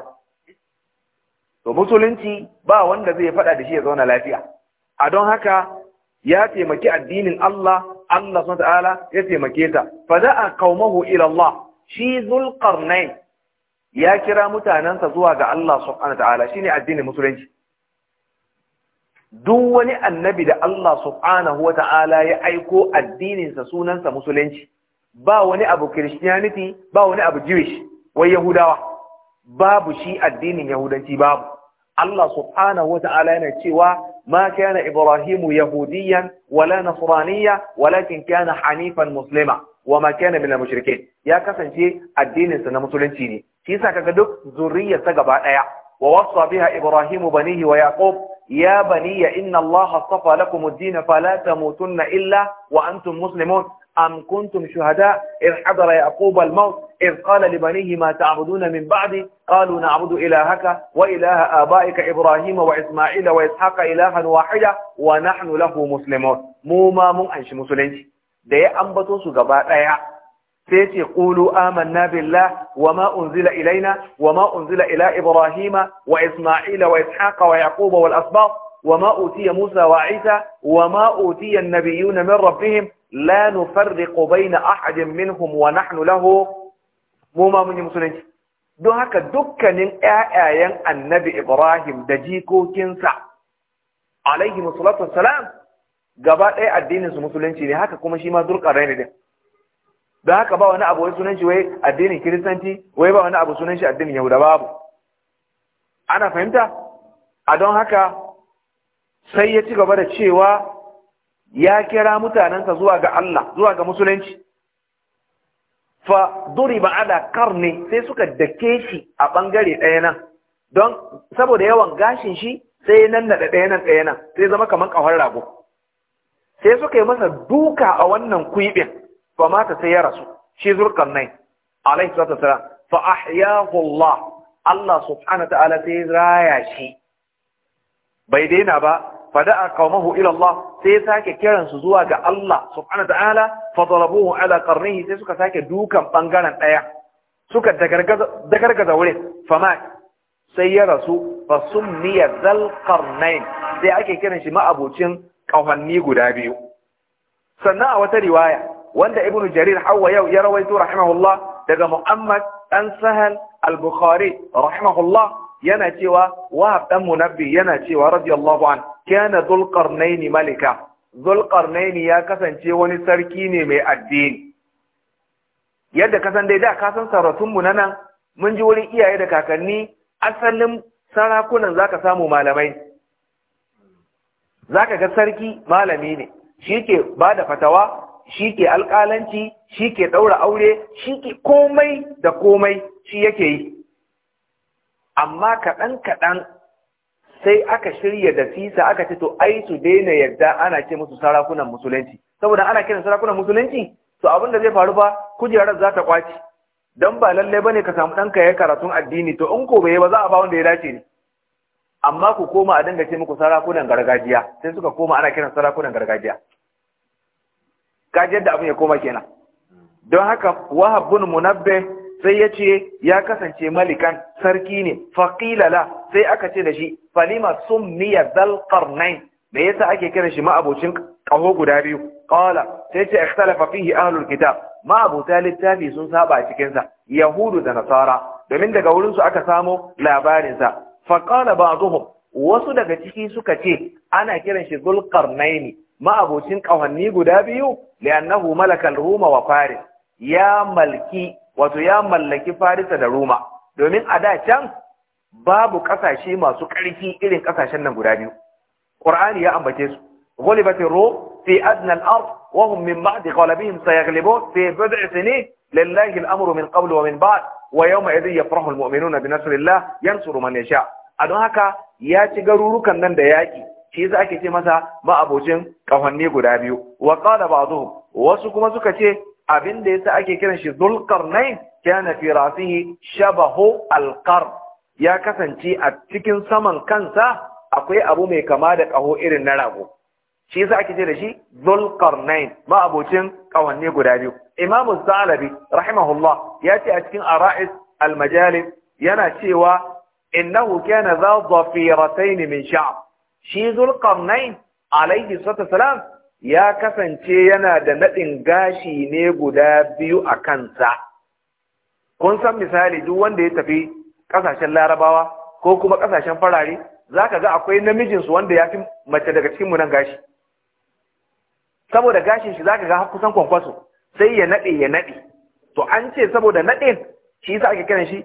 to musulunci ba wanda zai faɗa da shi ya zauna lafiya a don haka ya taimaki addinin Allah Allah ya taimake ta fa da'a kaumahu ila shi shi zulqarnain ya kira mutanansa zuwa ga Allah subhanahu ta'ala shine addinin musulunci duk wani annabi da Allah subhanahu ya aiko addininsa sunansa musulunci ba wani abu christianity ba wani abu jewish wai yahudawa babu shi addinin yahudanci babu Allah subhanahu yana cewa ما كان إبراهيم يهوديا ولا نصرانيا ولكن كان حنيفا مسلما وما كان من المشركين يا كسن شيء الدين سنة مسلمتيني شيسا كدك ذرية سقبا ايا ووصى بها إبراهيم بنيه ويعقوب يا بني إن الله اصطفى لكم الدين فلا تموتن إلا وأنتم مسلمون أم كنتم شهداء إذ حضر يعقوب الموت إذ قال لبنيه ما تعبدون من بعدي قالوا نعبد إلهك وإله آبائك إبراهيم وإسماعيل وإسحاق إلها واحدا ونحن له مسلمون مو ما من أنش مسلمين دي أنبتون سقباء دي سيتي قولوا آمنا بالله وما أنزل إلينا وما أنزل إلى إبراهيم وإسماعيل وإسحاق ويعقوب والأصباط وما أوتي موسى وعيسى وما أوتي النبيون من ربهم la nufarriqu baina ahadin minhum wa nahnu lahu mu ma mun yi musulunci don haka dukkanin ƴaƴayen annabi Ibrahim da jikokinsa alaihi musallatu salam, gaba ɗaya addinin su musulunci ne haka kuma shi ma zulqarnain ne din don haka ba wani abu wai sunan shi wai addinin kiristanci wai ba wani abu sunan shi addinin yahuda babu ana fahimta a don haka sai ya ci gaba da cewa ya kira mutanensa zuwa ga Allah zuwa ga musulunci fa duriba ala karni sai suka dake shi a bangare ɗaya nan don saboda yawan gashin shi sai nan da ɗaya nan ɗaya nan sai zama kamar ƙawar rago sai suka yi masa duka a wannan kuibin fa mata sai ya rasu shi zurkan nai alaihi salatu wasalam fa ahyahu Allah Allah subhanahu ta'ala sai raya shi bai daina ba fada'a qaumahu ila Allah sai sake kiran su zuwa ga Allah subhanahu ta'ala fadarabuhu ala qarnihi sai suka sake dukan bangaren daya suka dagargaza dagargaza wurin fama sai ya rasu fasummiya zal qarnain sai ake kiran shi ma'abucin kafanni guda biyu sannan a wata riwaya wanda ibnu jarir hawa yau ya rawaito rahimahullah daga muhammad dan sahal al-bukhari rahimahullah yana cewa wahab dan munabbi yana cewa radiyallahu anhu kana zulqarnaini malika zulqarnaini ya kasance wani sarki ne mai addini yadda kasan dai da kasan saratun mu nan mun ji wurin iyaye da kakanni asalin sarakunan zaka samu malamai zaka ga sarki malami ne shike bada fatawa shike alƙalanci shike daura aure shike komai da komai shi yake yi amma kaɗan kaɗan sai aka shirya da sisa aka ce to ai su daina yadda ana ce musu sarakunan musulunci saboda ana kiran sarakunan musulunci to abin da zai faru ba kujerar za ta kwaci dan ba lalle bane ka samu ɗanka ya karatun addini to in ko bai ba za a ba wanda ya dace ne amma ku koma a dinga ce muku sarakunan gargajiya sai suka koma ana kiran sarakunan gargajiya kaji yadda abin ya koma kenan don haka wahab bin munabbih sai ya ce ya kasance malikan sarki ne faƙilala sai aka ce da shi falima sun miya zalƙarnai da yasa ake kira shi ma'abocin ƙaho guda biyu ƙala sai ce ikhtalafa fihi ahlul kitab Ma'abota littafi sun saba cikinsa yahudu da nasara domin daga wurinsu aka samo labarinsa faƙala ba'duhum wasu daga ciki suka ce ana kiran shi naini. ma'abocin ƙahonni guda biyu li'annahu malakal ruma wa faris ya malki wato ya mallaki Farisa da Roma domin a da can babu kasashe masu ƙarfi irin kasashen nan guda biyu Qur'ani ya ambace su ghalibatir rum fi adna al-ard wa hum min ba'di ghalabihim sayaghlibun fi bid'i sinin lillahi al-amru min qabl wa min ba'd wa yawma idhi yafrahu al-mu'minuna bi nasrillah yansuru man yasha a don haka ya ci garurukan nan da yaki shi yasa ake ce masa ma'abocin kafanni guda biyu wa qala ba'dhum wasu kuma suka ce abin da yasa ake kiran shi zulqarnain kana fi rasihi shabahu alqar ya kasance a cikin saman kansa akwai abu mai kama da kaho irin na rago shi yasa ake ce da shi zulqarnain ma abocin kawanne guda biyu imamu zalabi rahimahullah ya ce a cikin ara'is almajalis yana cewa innahu kana za dhafiratayn min sha'b shi zulqarnain alaihi salatu salam ya kasance yana da naɗin gashi ne guda biyu a kansa kun san misali duk wanda ya tafi ƙasashen larabawa ko kuma ƙasashen farare za ka ga akwai namijinsu wanda ya fi mace daga cikin mu nan gashi saboda gashin shi za ka ga kusan kwankwaso sai ya naɗe ya naɗe to an ce saboda naɗin shi yasa ake kiran shi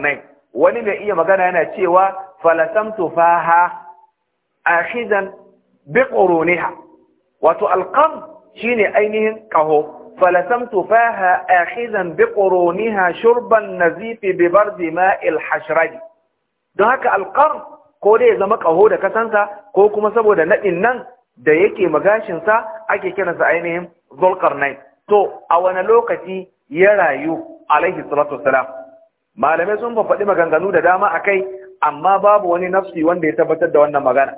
nai. wani mai iya magana yana cewa falasamtu a akhidan bi ƙoroniha. wato shi shine ainihin kaho falasamtu faha akhizan bi quruniha shurban nazif bi ma'il hashraj don haka alqam ko dai zama kaho da kasansa ko kuma saboda naɗin nan da yake magashin gashinsa ake kiransa ainihin nai. to a wani lokaci ya rayu alaihi salatu salam. malamai sun faɗi maganganu da dama a kai, amma babu wani nafsi wanda ya tabbatar da wannan magana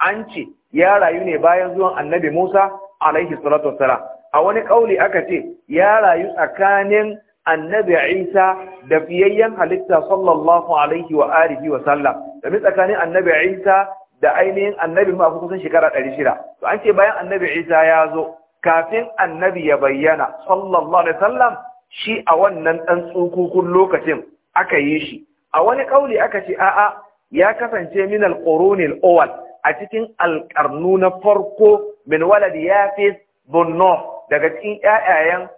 an ce ya rayu ne bayan zuwan annabi Musa alaihi salatu wassalam a wani kauli aka ce ya rayu tsakanin annabi Isa da fiyayyen halitta sallallahu alaihi wa alihi wa sallam domin tsakanin annabi Isa da ainihin annabi ma kusan shekara 600 to an ce bayan annabi Isa ya zo kafin annabi ya bayyana sallallahu alaihi sallam shi a wannan dan tsukukun lokacin aka yi shi a wani kauli aka ce a'a ya kasance min al-qurunil a cikin alƙarnu na farko min walad ya fi bunno daga cikin ƴaƴayen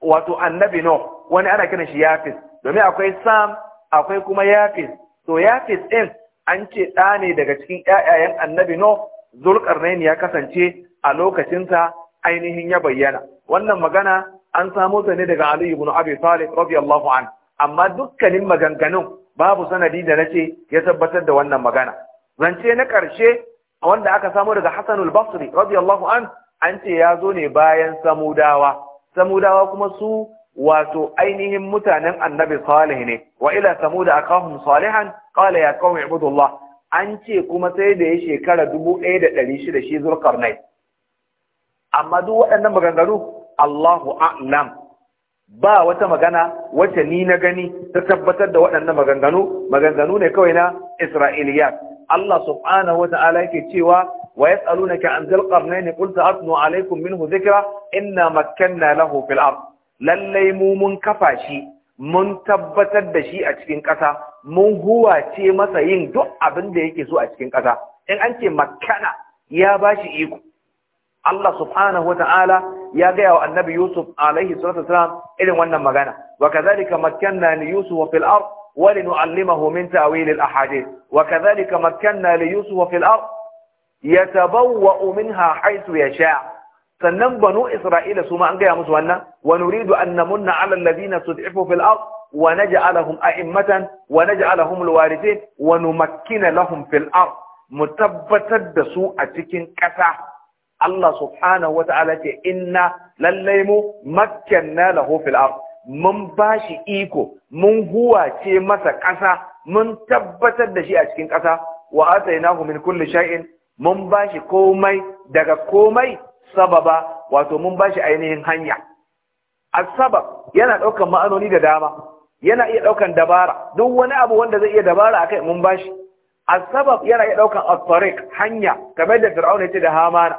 wato annabi no wani ana kiran shi yafis domin akwai sam akwai kuma yafis to yafis ɗin an ce ɗa ne daga cikin ƴaƴayen annabi no zulƙarnain ya kasance a lokacinsa ainihin ya bayyana wannan magana an samo ta ne daga Ali ibn Abi Talib radiyallahu an amma dukkanin maganganun babu sanadi da na ce ya tabbatar da wannan magana zance na ƙarshe wanda aka samu daga Hassanul Basri radiyallahu an an ce ya zo ne bayan Samudawa Samudawa kuma su wato ainihin mutanen Annabi Salih ne wa ila samuda akahum salihan qala ya qaumi ibudullah an ce kuma sai da ya shekara 1600 shi Zulkarnain amma duk waɗannan maganganu Allahu a'lam ba wata magana wacce ni na gani ta tabbatar da waɗannan maganganu maganganu ne kawai na Isra'iliyat Allah subhanahu wa ta'ala yake cewa wa yas'alunaka an zal qarnayn qul ta'atnu alaykum minhu dhikra inna makanna lahu fil lallai mu mun kafa shi mun tabbatar da shi a cikin ƙasa mun huwace masa yin duk abin da yake so a cikin ƙasa in an ce makkana ya bashi iko Allah subhanahu ta'ala ya gaya wa annabi Yusuf alaihi salatu wasalam irin wannan magana wa kazalika makanna ni Yusuf fil ولنعلمه من تأويل الأحاديث وكذلك مكنا ليوسف في الأرض يتبوأ منها حيث يشاء بنو إسرائيل سوما أنك يا مسوانا ونريد أن نمن على الذين تدعفوا في الأرض ونجعلهم أئمة ونجعلهم الوارثين ونمكن لهم في الأرض متبتة بسوء تكين كسا الله سبحانه وتعالى إن لليم مكننا له في الأرض mun ba shi iko mun huwace masa ƙasa mun tabbatar da shi a cikin ƙasa wa atainahu min kulli shay'in mun ba shi komai daga komai sababa wato mun ba shi ainihin hanya as-sabab yana ɗaukan ma'anoni da dama yana iya ɗaukan dabara duk wani abu wanda zai iya dabara akai mun ba shi as-sabab yana iya ɗaukan at-tariq hanya kamar da fir'auna ya ce da hamana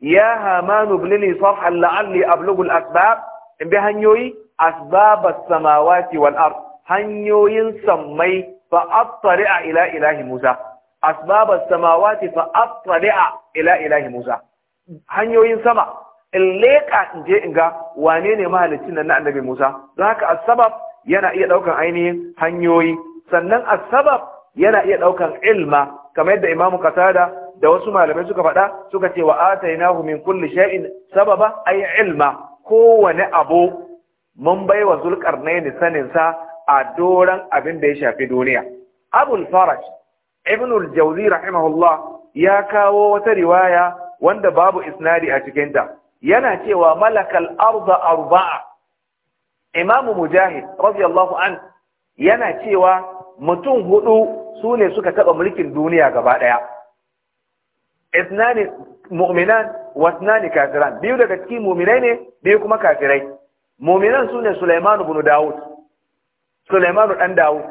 ya hamanu ibn li safhan la'alli ablughu al-asbab in bi hanyoyi as samawati wal ard hanyoyin sammai fa attari'a ila ilahi Musa as samawati fa attari'a ila ilahi Musa hanyoyin sama in in je in ga wane ne mahalicin nan na annabi Musa don haka asbab yana iya daukan ainihin hanyoyi sannan asbab yana iya daukan ilma kamar yadda Imam katada da wasu malamai suka faɗa suka ce wa atainahu min kulli shay'in sababa ay ilma kowane abu mun bai wa zulkarnaini saninsa a doron abin da ya shafi duniya abul faraj ibn jauzi rahimahullah ya kawo wata riwaya wanda babu isnadi a cikinta yana cewa malakal arda arba'a imamu mujahid radiyallahu an yana cewa mutum hudu su ne suka taɓa mulkin duniya gaba daya isnani mu'minan wa isnani kafiran biyu daga cikin mu'minai ne biyu kuma kafirai mu'minan sune Sulaiman ibn Dawud Sulaiman dan Dawud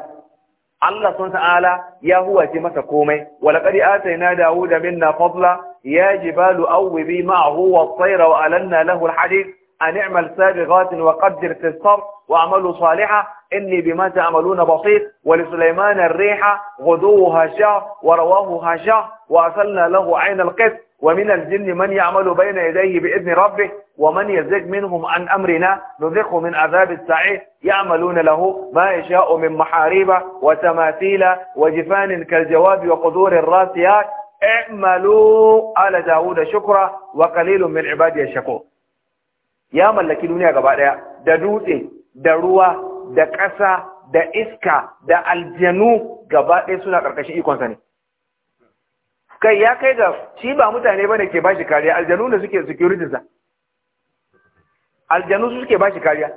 Allah sun ta'ala ya huwace masa komai walaqad atayna Dawuda minna fadla ya jibalu awwibi ma'ahu was-sayra wa alanna lahu al-hadid an i'mal sabighatin wa qaddir fi as-sarf wa'malu salihan inni bima ta'maluna basir wa li Sulaiman ar-riha ghuduha shahr wa rawahuha shahr wa asalna lahu 'ayna al-qit ومن الجن من يعمل بين يديه بإذن ربه ومن يزغ منهم عن أمرنا نذقه من عذاب السعير يعملون له ما يشاء من محاريب وتماثيل وجفان كالجواب وقدور الراسيات اعملوا على داود شكرا وقليل من عبادي الشكور يا ملكي دنيا gaba daya da dutse da ruwa da ƙasa da iska da aljanu gaba ɗaya suna ƙarƙashin ikonsa ne kai ya kai ga shi ba mutane bane ke bashi kariya aljanu ne suke security sa aljanu su suke bashi kariya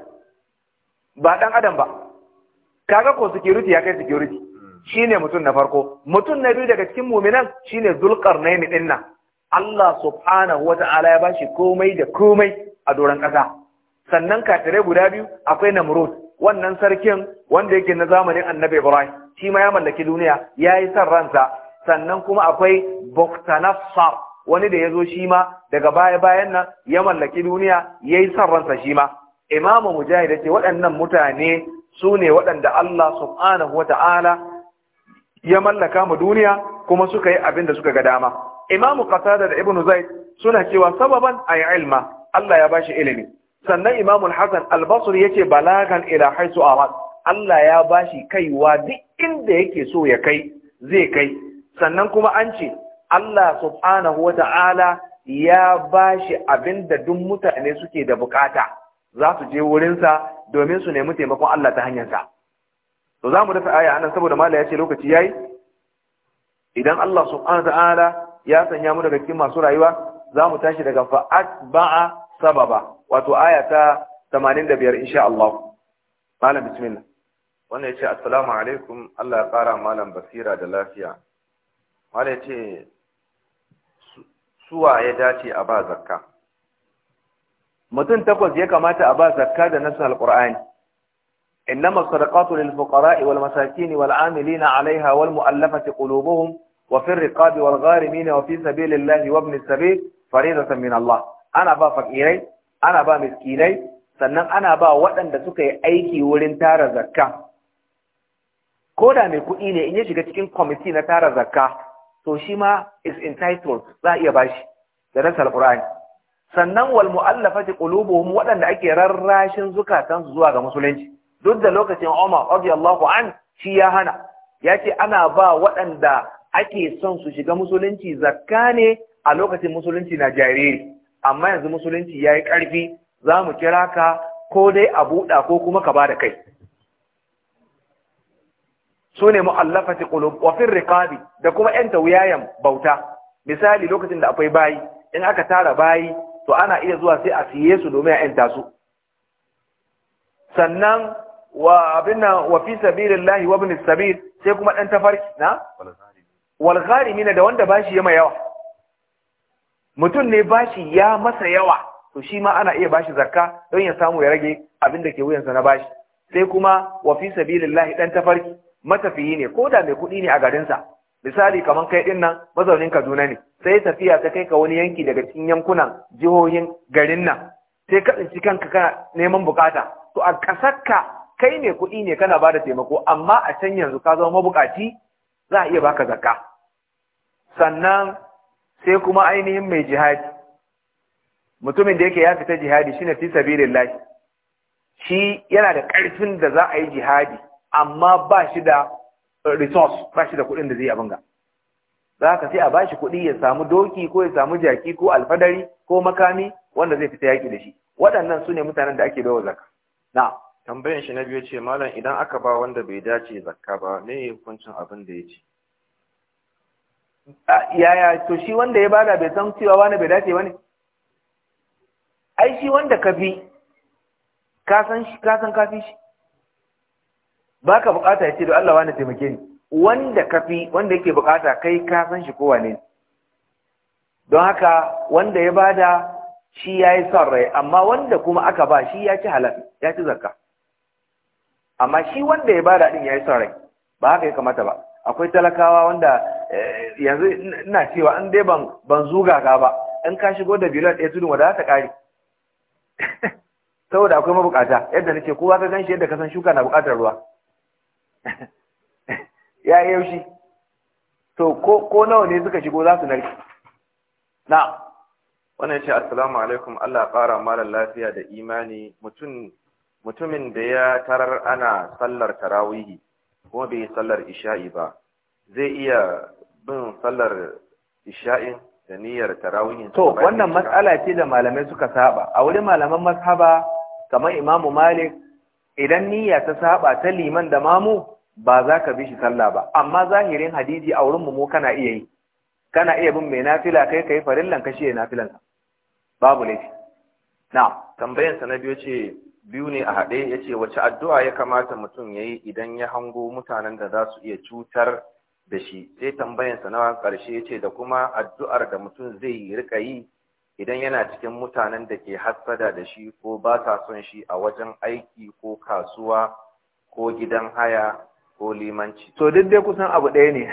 ba dan adam ba kaga ko security ya kai security hmm. shine mutum na farko mutum na biyu daga cikin mu'minan shine zulqarnain dinna Allah subhanahu wata'ala ya bashi komai da komai a doron kasa sannan katare guda biyu akwai namrud wannan sarkin wanda yake na zamanin annabi ibrahim shi ma ya mallaki duniya ya yi san ransa sannan kuma akwai boktanassar wani da ya zo shi ma daga baya bayan nan ya mallaki duniya ya yi son ransa shi ma imamu mujahid ce waɗannan mutane su ne waɗanda Allah subhanahu wa ta'ala ya mallaka mu duniya kuma suka yi abin da suka ga dama imamu qatada da ibnu zaid suna cewa sababan ay ilma Allah ya bashi ilimi sannan imamu al-hasan al-basri yace balagan ila haisu arad Allah ya bashi kaiwa duk inda yake so ya kai zai kai sannan kuma an ce Allah subhanahu wa ta'ala ya ba shi abin da duk mutane suke da bukata za su je wurinsa domin su nemi taimakon Allah ta hanyarsa. To za mu dafa aya anan saboda mala ya ce lokaci ya yi? Idan Allah subhanahu wa ta'ala ya sanya mu daga cikin masu rayuwa za mu tashi daga fa'at ba'a sababa wato aya ta 85 insha Allah. Malam bismillah. Wannan ya ce assalamu alaikum Allah ya ƙara malam basira da lafiya. Malam ya Su wa ya dace a ba zakka. Mutum takwas ya kamata a ba zakka da nasu al’ur'ani, inda masarƙatu lalfukara iwal masakini wal amili na alaiha wal mu’allafa ta ƙulubuhun wa fin riƙaɗi wal gharimi na wafi sabi lillahi wa bni sabi da sammin Allah. Ana ba faƙirai, ana ba miskinai, sannan ana ba waɗanda suka yi aiki wurin tara zakka. Ko da mai kuɗi ne in ya shiga cikin kwamiti na tara zakka, to shi ma is entitled za a iya bashi da rasa Qur'ani. sannan wal mu'allafati qulubuhum waɗanda ake rarrashin zukatansu zuwa ga musulunci duk da lokacin Umar radiyallahu an shi ya hana yace ana ba waɗanda ake son su shiga musulunci zakka ne a lokacin musulunci na jariri amma yanzu musulunci yayi karfi za mu kira ka ko dai a buɗa ko kuma ka ba da kai sune mu'allafati qulub wa fir riqabi da kuma yanta wuyayen bauta misali lokacin da akwai bayi in aka tara bayi to ana iya zuwa sai a siye su domin a yanta su sannan wa a wa fi sabilillahi wa sai kuma ɗan tafarki na wal gharimina da wanda bashi ya yawa mutum ne bashi ya masa yawa to shi ma ana iya bashi zakka don ya samu ya rage abin da ke wuyansa na bashi sai kuma wa fi sabilillahi tafarki matafiyi ne ko da mai kuɗi ne a garinsa misali kamar kai ɗin nan mazaunin kaduna ne sai tafiya ta kai ka wani yanki daga cikin yankunan jihohin garin nan sai ka tsinci kanka kana neman bukata to a ka, kai mai kuɗi ne kana ba da taimako amma a can yanzu ka zama mabukaci za a iya baka zakka sannan sai kuma ainihin mai jihadi mutumin da yake ya fita jihadi shine fi sabilillah shi yana da ƙarfin da za a yi jihadi amma ba shi da resource ba shi da kuɗin da zai abinga za ka sai a ba shi kuɗi ya samu doki ko ya samu jaki ko alfadari ko makami wanda zai fita yaƙi da shi waɗannan su ne mutanen da ake baiwa zakka na tambayan shi na biyu ce malam idan aka ba wanda bai dace zakka ba me hukuncin abin da ya ce yaya to shi wanda ya bada bai san cewa wani bai dace ba ne ai shi wanda ka bi ka san ka fi shi baka bukata ya ce da Allah wani taimake ni wanda kafi wanda yake bukata kai ka san shi kowa ne don haka wanda ya bada shi ya yi son rai amma wanda kuma aka ba shi ya ci halal ya ci zarka amma shi wanda ya bada din ya yi son rai ba haka ya kamata ba akwai talakawa wanda eh, yanzu ina cewa an dai ban ban zuga ka ba in ka shigo da biliyan ɗaya tudun wadda ta kare? saboda akwai mabukata yadda nake kowa ka ganshi yadda ka san shuka na bukatar ruwa ya yi yaushi to ko nawa ne suka shigo za su narki na wannan ce assalamu alaikum Allah ƙara malar lafiya da imani mutumin da ya tarar ana sallar tarawihi ko bai sallar isha'i ba zai iya bin sallar isha'in da niyyar tarawihin to wannan matsala ce da malamai suka saba a wurin malaman mashaba kamar imamu malik idan niyya ta saba ta liman da mamu ba za ka bi shi sallah ba amma zahirin hadisi a wurin mu kana iya yi kana iya bin mai nafila kai kai farillan ka shi nafilan ka babu laifi na tambayan sa na biyu ce biyu ne a haɗe yace wace addu'a ya kamata mutum yayi idan ya hango mutanen da za su iya cutar da shi sai tambayan sa na ƙarshe yace da kuma addu'ar da mutum zai rika yi idan yana cikin mutanen da ke hassada da shi ko ba ta son shi a wajen aiki ko kasuwa ko gidan haya ko limanci to duk dai kusan abu ɗaya ne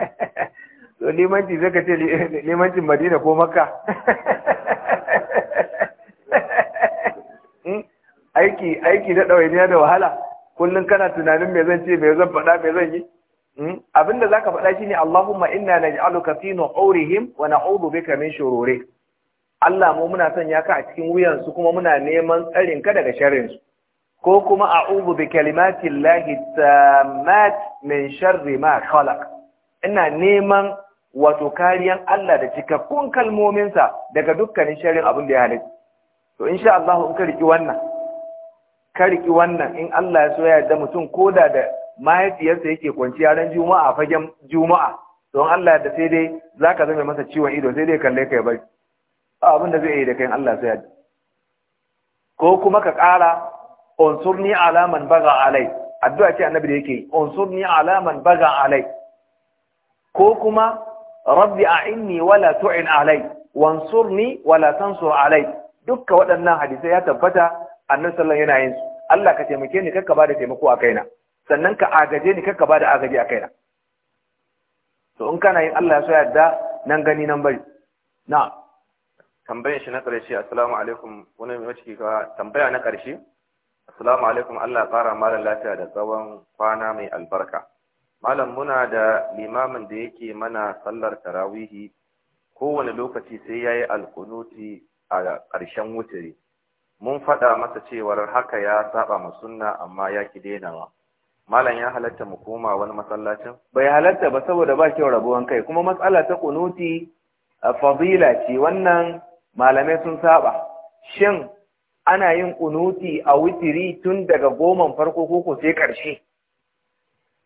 to limanci zaka ka ce limancin madina ko makka hmm? aiki aiki da ɗawainiya da wahala kullum kana tunanin me zan ce me zan faɗa me zan yi hmm? abinda zaka faɗa shi ne Allahumma inna naj'aluka fi nuhurihim wa na'udhu bika min shururi Allah mu muna sanya ka a cikin wuyansu kuma muna neman tsarin ka daga sharrinsu ko kuma a'udhu bi kalimatin lahi mat min sharri ma khalaq ina neman wato kariyan Allah da cikakkun kalmominsa daga dukkanin sharrin abin da ya halitta to insha Allah in ka riki wannan ka riki wannan in Allah ya so ya yarda mutum koda da mahaifiyarsa yake kwanciya ran juma'a fagen juma'a don Allah da sai dai zaka zama masa ciwon ido sai dai kalle ka ya bari abin da zai yi da kayan Allah sai ko kuma ka ƙara unsurni alaman baga alai addu'a ce annabi da yake unsurni alaman baga alai ko kuma rabbi a'inni wala tu'in alai wansurni wala tansur alai dukka waɗannan hadisai ya tabbata annabi sallallahu yana yin su Allah ka taimake ni kakka bada taimako a kaina sannan ka agaje ni kakka bada da a kaina to in kana yin Allah ya so yadda nan gani nan bari na'am tambayar shi na ƙarshe assalamu alaikum wani mai wacce kika tambaya na ƙarshe assalamu alaikum Allah ƙara malam lafiya da tsawon kwana mai albarka malam muna da limamin da yake mana sallar tarawihi kowane lokaci sai ya yi alkunuti a ƙarshen wutare. mun faɗa masa cewar haka ya saba ma sunna amma ya ki denawa malam ya halatta mu koma wani masallacin bai halatta ba saboda ba kyau rabuwan kai kuma matsala ta kunuti fadila ce wannan malamai sun saba shin ana yin kunuti a witiri tun daga goman farko ko sai ƙarshe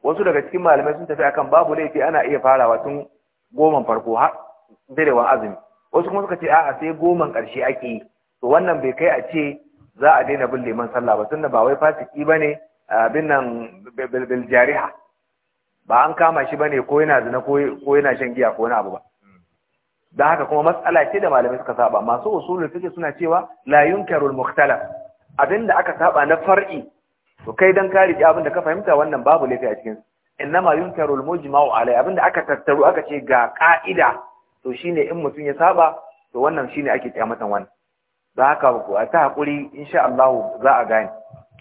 wasu daga cikin malamai sun tafi akan babu laifi ana iya farawa tun goman farko har direwan azumi wasu kuma suka ce a'a sai goman ƙarshe ake yi to wannan bai kai a ce za a daina bin liman sallah ba tunda ba wai fasiki bane abin nan bil jariha ba an kama shi bane ko yana zina ko yana shan giya ko wani abu ba da haka kuma matsala ce da malamai suka saba masu usulul fiqh suna cewa la yunkarul mukhtalaf abinda aka saba na far'i to kai dan kare rike abinda ka fahimta wannan babu laifi a cikin innama yunkarul mujma'u alai abinda aka tattaru aka ce ga ka'ida to shine in mutum ya saba to wannan shine ake kyamatan wannan da haka ku a ta hakuri insha Allah za a gane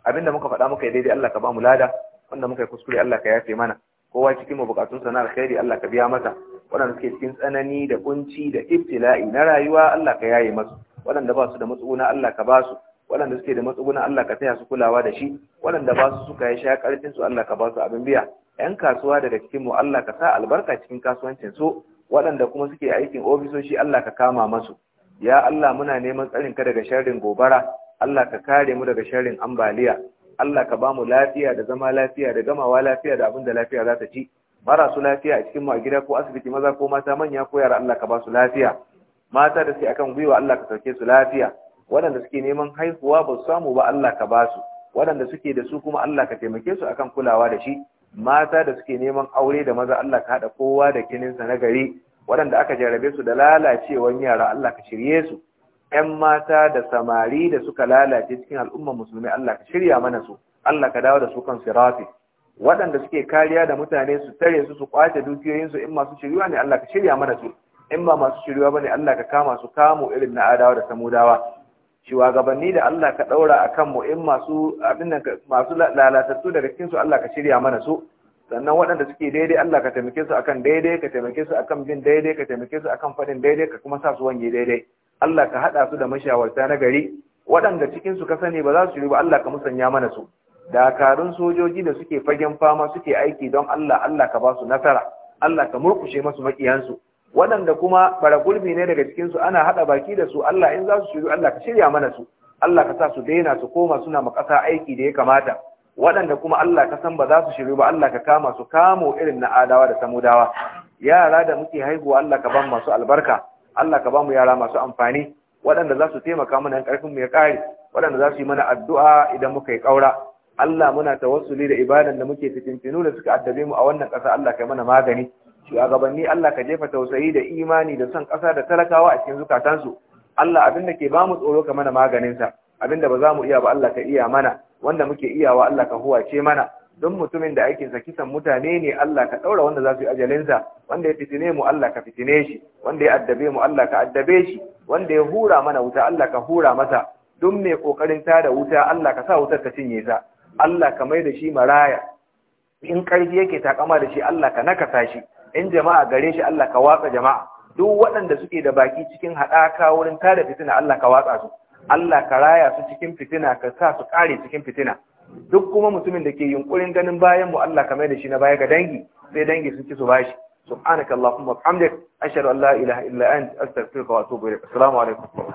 abinda muka faɗa muka yi daidai Allah ka ba mu lada wanda muka yi kuskure Allah ka yafe mana kowa cikin mu bukatun sana alkhairi Allah ka biya masa waɗanda suke cikin tsanani da kunci da ibtila'i na rayuwa Allah ka yaye masu waɗanda ba su da matsuguna Allah ka ba su waɗanda suke da matsuguna Allah ka taya su kulawa da shi waɗanda ba su suka yi sha ƙarfin su Allah ka ba su abin biya ƴan kasuwa daga cikin mu Allah ka sa albarka cikin kasuwancin su waɗanda kuma suke aikin ofisoshi Allah ka kama masu ya Allah muna neman tsarin ka daga sharrin gobara Allah ka kare mu daga sharrin ambaliya Allah ka ba mu lafiya da zama lafiya da gamawa lafiya da abin da lafiya za ta ci Mara su lafiya a cikin mu a gida ko asibiti maza ko mata manya ko yara Allah ka ba su lafiya mata da suke akan gwiwa Allah ka sauke su lafiya waɗanda suke neman haihuwa ba su samu ba Allah ka ba su waɗanda suke da su kuma Allah ka taimake su akan kulawa da shi mata da suke neman aure da maza Allah ka haɗa kowa da sa na gari waɗanda aka jarabe su da lalacewar yara Allah ka shirye su ‘yan mata da samari da suka lalace cikin al'ummar musulmi Allah ka shirya mana su Allah ka dawo da su kan sirafi waɗanda suke kariya da mutane su tare su su kwace dukiyoyinsu in masu shiriwa ne Allah ka shirya mana su in ba masu shiriwa bane Allah ka kama su kamo irin na adawa da samudawa shugabanni da Allah ka daura akan mu in masu abin nan masu lalatattu daga cikin su Allah ka shirya mana su sannan waɗanda suke daidai Allah ka taimake su akan daidai ka taimake su akan bin daidai ka taimake su akan faɗin daidai ka kuma sa su wange daidai Allah ka haɗa su da mashawarta na gari waɗanda cikin su ka sani ba za su shiri ba Allah ka musanya mana su dakarun sojoji da suke fagen fama suke aiki don Allah Allah ka ba su nasara Allah ka murkushe masu makiyansu waɗanda kuma bara gurbi ne daga cikin su ana haɗa baki da su Allah in za su shiru Allah ka shirya mana su Allah ka sa su daina su koma suna ma ƙasa aiki da ya kamata waɗanda kuma Allah ka san ba za su shiru ba Allah ka kama su kamo irin na adawa da samudawa yara da muke haihuwa Allah ka ba masu albarka Allah ka ba mu yara masu amfani waɗanda za su taimaka mana ƙarfin mu ya ƙare waɗanda za su yi mana addu'a idan muka yi ƙaura Allah muna ta tawassuli da ibadan da muke fitintinu da suka addabe mu a wannan ƙasa Allah kai mana magani shugabanni Allah ka jefa tausayi da imani da son ƙasa da talakawa a cikin zukatansu Allah abin da ke ba mu tsoro ka mana maganin sa abin ba za mu iya ba Allah ka iya mana wanda muke iyawa Allah ka huwace mana don mutumin da aikinsa kisan mutane ne Allah ka daura wanda za su yi sa wanda ya fitine mu Allah ka fitine shi wanda ya addabe mu Allah ka addabe shi wanda ya hura mana wuta Allah ka hura masa duk mai kokarin tada wuta Allah ka sa wutar ta cinye sa Allah ka mai da shi maraya in ƙarfi yake takama da shi Allah ka nakasa shi in jama'a gare shi Allah ka watsa jama'a duk waɗanda suke da baki cikin haɗaka wurin tada fitina Allah ka watsa su Allah ka raya su cikin fitina ka sa su ƙare cikin fitina duk kuma mutumin da ke yunkurin ganin bayan mu Allah ka mai da shi na baya ga dangi sai dangi sun ci su bashi subhanakallahumma wa bihamdika ashhadu an la ilaha illa anta astaghfiruka wa atubu ilaik assalamu alaikum